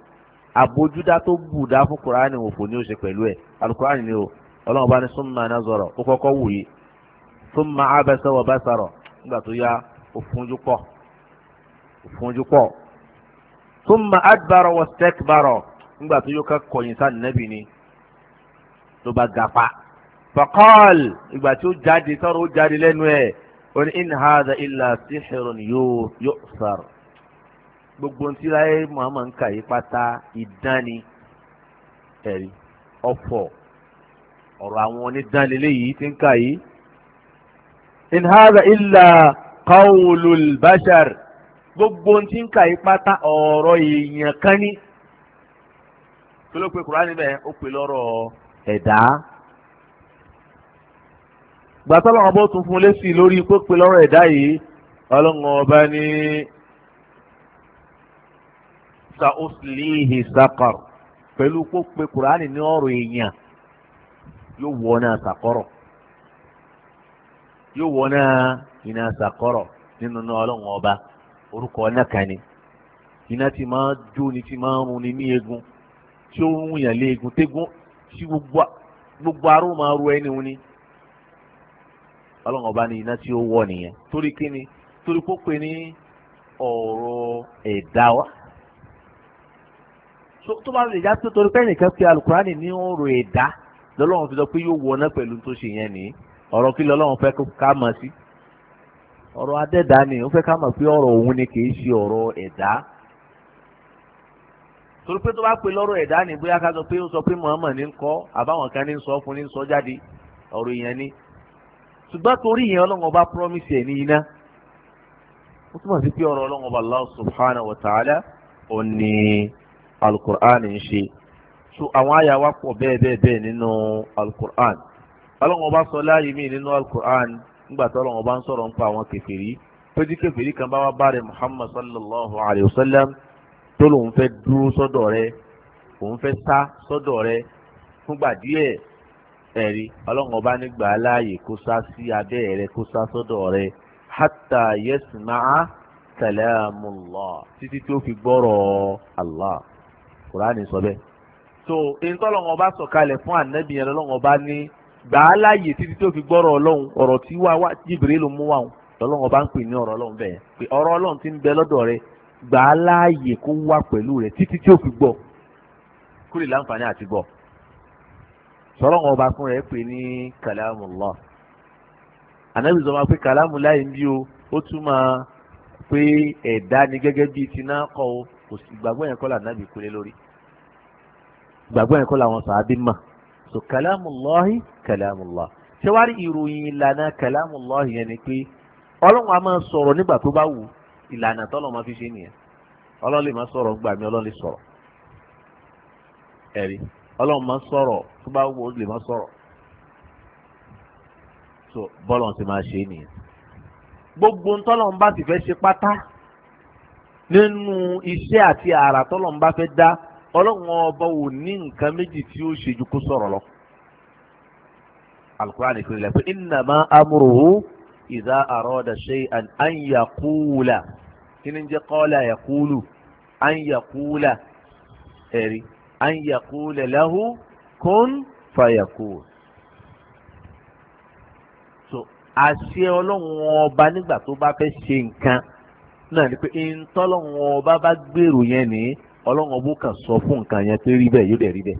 àbójúdá tó bùdá fún kuraani òfò ní oṣù pẹ̀lú ẹ̀ alukuraani ni o ọlọ́run bá ní súnmọ́ náà zọrọ̀ ó kọ́kọ́ wù yí súnmọ́ abẹ́sẹ̀ wọ bẹ́ẹ̀ sọ̀rọ̀ nígbà tó yá òfunjú pọ̀ òfunjú pọ̀ súnmọ́ adbarọ̀ wọ sẹ́kbarọ̀ nígbà tó yóò ká kọ̀yìn sáà nẹ́bì ni ló bá gàpá faqal ìgbà tí jáde sọ̀rọ̀ ó jáde lẹ́nu ẹ̀ ó ní in hadha illa sihrun yóò yóò sọ̀rọ̀ gbogbo ohun tí láyé muhammed ń kà yí pátá ìdánni ẹ̀rí ọ̀fọ̀ ọ̀rọ̀ àwọn onídánilé yìí ti ń kà yìí. in hadha illa qawlul bashar gbogbo ohun tí ń kà yí pátá ọ̀rọ̀ èèyàn kan ní. kí ló pe ó pe lọ́rọ̀ ẹ̀dá. gbàtọ́ làwọn bó tún fún un lé sí i lórí pé pe lọ́rọ̀ ẹ̀dá yìí ọlọ́run ọba ní. sa'uslihi saqar pẹ̀lú kó pe kuraani ní ọ̀rọ̀ èèyàn yóò wọ yóò wọ náà iná nínú náà ọlọ́run ọba orúkọ náà iná ti máa jó ni ti máa run ni ní egun tí ó ń yàn lé gbogbo máa ru ẹni wọn ni ọba iná tí ó nìyẹn torí kíni torí kó pe ní tó bá lè já tó torí pé ẹnìkan fi alukurani ní ọ̀rọ̀ ẹ̀dá lọ́lọ́run fi sọ pé yóò wọná pẹ̀lú tó ṣe yẹn ni ọ̀rọ̀ kí lọ́lọ́run fẹ́ ká mọ̀ sí ọ̀rọ̀ adẹ́dá ni ó fẹ́ ká mọ̀ pé ọ̀rọ̀ òun ni kì í ṣe ọ̀rọ̀ ẹ̀dá torí pé tó bá pe lọ́rọ̀ ẹ̀dá ni bóyá ká sọ pé ó sọ pé Muhammad ní ń kọ́ àbáwọn kan ní ń sọ fún ní ń sọ jáde ọ̀rọ̀ ìyẹn ni ṣùgbọ́n torí ìyẹn ọlọ́run ọba promise ẹ̀ ní iná ó túmọ̀ sí pé ọ̀rọ̀ ọlọ́run ọba Allah subhanahu wa ta'ala ó ní alukur'an ń ṣe so àwọn àyà wa pọ̀ bẹ́ẹ̀ bẹ́ẹ̀ bẹ́ẹ̀ nínú alukur'an ọlọ́run ọba sọ láàyè mí nínú alukur'an nígbà tí ọlọ́run ọba ń sọ̀rọ̀ nípa àwọn kèfèrí kan bá wá bá sallallahu alayhi wa sallam tó lòun fẹ́ dúró sọ́dọ̀ rẹ̀ òun fẹ́ sá sọ́dọ̀ fúngbà díẹ̀ ẹ̀rí ọlọ́run ọba nígbà láàyè kó sá sí abẹ́ kó sá hatta títí allah. kùránì sọ bẹ́ẹ̀. so ìtọ́lọ́wọ́n ọba sọ̀kalẹ̀ fún ànábì yẹn lọ́wọ́n ọba ní gbà á láàyè títí tó fi gbọ́rọ̀ ọlọ́run ọ̀rọ̀ tí wà wá Jibril ló mú wà wọn lọ́wọ́n ọba ń pè ní ọ̀rọ̀ ọlọ́run bẹ́ẹ̀ pé ọ̀rọ̀ ọlọ́run ti ń bẹ lọ́dọ̀ rẹ gbà á láàyè kó wà pẹ̀lú rẹ títí tó fi gbọ́ kúrì láǹfààní àti gbọ́ sọlọ́wọ́n ọba fún rẹ pè ní kalamullah ànábì sọ ma pé kàlámù láì ń bí o ó túmọ̀ pé ẹ̀dá ni gẹ́gẹ́ bíi tiná kọ́ o kò sí ìgbàgbọ́ yẹn kọ́ là nàbì lórí ìgbàgbọ́ yẹn kọ́ sàábì so kàlámùlọ́hì kàlámùlọ́hì ṣé wàá rí ìròyìn ìlànà kàlámùlọ́hì yẹn ni pé ọlọ́run a máa sọ̀rọ̀ nígbà tó bá wù ìlànà fi ṣe nìyẹn ọlọ́run lè máa sọ̀rọ̀ gbà mí ọlọ́run lè sọ̀rọ̀ ẹ̀rí ọlọ́run máa sọ̀rọ̀ tó bá wù lè máa sọ̀rọ̀ so bọ́lọ̀ ti máa ṣe gbogbo nínú iṣẹ́ àti àrà tọ́lọ̀ ń bá fẹ́ dá ọlọ́run ọba ò ní nǹkan méjì tí ó ṣe ju kó sọ̀rọ̀ lọ. alukura ni kiri la pé innama amruhu idha arada shay'an an yaqula kí ni jẹ́ qala ẹ̀rí an yaqula lahu kun so àṣẹ ọlọ́run ọba nígbà tó bá fẹ́ ṣe nǹkan náà ni pé ntọ́lọ́run ọba bá gbèrò yẹn ní ọlọ́run ọbó kan sọ fún nǹkan yẹn pé rí bẹ́ẹ̀ yóò dẹ̀ rí bẹ́ẹ̀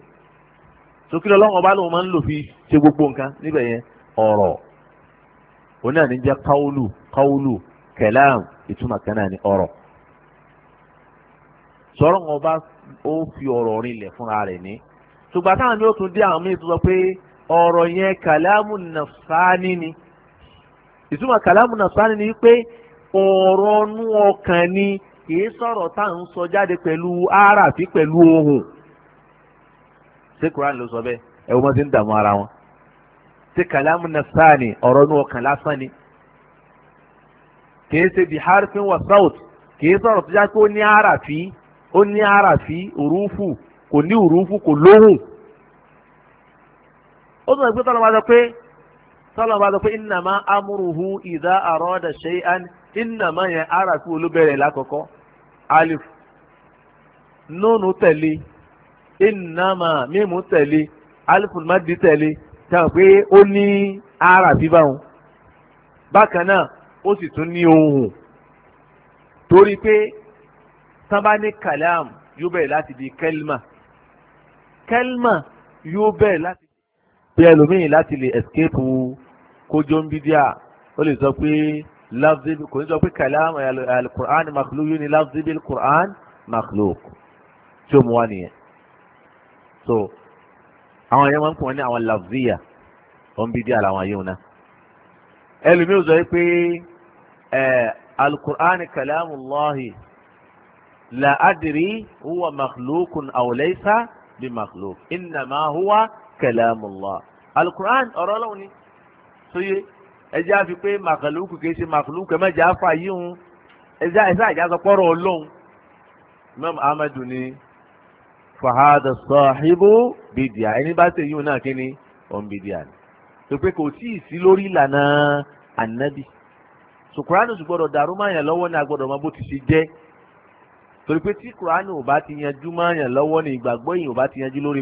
sókè ọlọ́run ọba lòun máa ń lò fi ṣe gbogbo nǹkan níbẹ̀ yẹn ọ̀rọ̀ òun náà ní jẹ́ káwúlù káwúlù kẹlẹ́àm ìtumọ̀ kan náà ní ọ̀rọ̀ sọ̀rọ̀ ọba ó fi ọ̀rọ̀ rinlẹ̀ fúnra rẹ̀ ní ṣùgbọ́n táwọn yóò tún dé àwọn míì sọ pé ọ̀rọ̀ yẹn kàlámù nàfsáàní ni ìtumọ̀ kàlámù nàfsáàní ni pé ọ̀rọ̀ ọnú ọkàn ni kìí sọ̀rọ̀ tá à ń sọ jáde pẹ̀lú àràfí pẹ̀lú ṣé Quran ló sọ bẹ́ẹ̀ ẹ wọ́n ti ara wọn ṣé kàlámù nafsani ọ̀rọ̀ ọnú ọkàn lásán ni kìí ṣe harfin wa kìí sọ̀rọ̀ tó jáde pé ó ní ó ní kò ní kò pé tọ́lọ́ bá sọ pé tọ́lọ́ bá sọ pé ìnàmá yẹn arafu olóbẹ̀rẹ̀ lákọ̀ọ́kọ́ alif nùnù tẹ̀lé ìnàmá mímú tẹ̀lé alifu madi tẹ̀lé tẹ̀wọ̀n pé ó ní arafi báwọn bákan náà ó sì tún ní ohùn torí pé sábà ní kalam yóò bẹ̀rẹ̀ láti di kẹlma kẹlma yóò bẹ̀rẹ̀ láti bí ẹlòmíì láti lè escape kójó ń bí díà ó lè sọ pé lafzibi kò ní sọ pé kalam alukur'an makhluk yìí ni lafzibi alukur'an makhluk tí ó mú wá nìyẹn so àwọn yẹn wọn kò ní àwọn lafziya wọn bí díà làwọn yẹn wọn náà ẹlòmíràn sọ pé ẹ alukur'an kalamullahi la adiri huwa makhlukun aw laysa bi makhluk innama huwa kalamullah alukur'an ọ̀rọ̀ lọ́wọ́ ni a àfi pé màkàlùkù kìí ṣe màkàlùkù ẹ̀ mẹ́jẹ̀ yìí ń ẹjẹ́ àìsàn àjà sọ pọ́rọ̀ ọlọ́run Imam ni fahadà sọ̀hìbù bìdìà ẹni bá ṣe yíwọn náà ni tó kò tí sí lórí ìlànà ànábì so kuranu dàrú máa yàn lọ́wọ́ ní agbọ́dọ̀ máa bó ti ṣe jẹ́ ò bá ti yanjú máa yàn ní ìgbàgbọ́ ò bá ti yanjú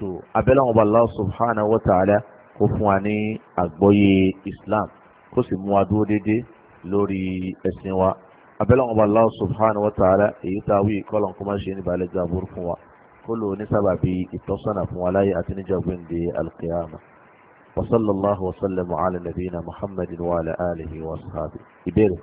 so abẹ́lẹ́ wọn bá Allah subhanahu wa ta'ala kó fún wa ní àgbọ́yé islam kó sì mú wa dúró dédé lórí ẹ̀sìn wa abẹ́lẹ́ wọn bá Allah subhanahu wa ta'ala èyí tá a wí kọ́lọ̀ kó má ṣe ní balẹ̀ jàbúrú fún wa kó lò ní sábàbí ìtọ́sọ́nà fún wa láyé àti níjà gbẹ̀ǹde alqiyama wa sallallahu wa sallam ala nabiyina muhammadin wa ala wa sahabi ìbéèrè.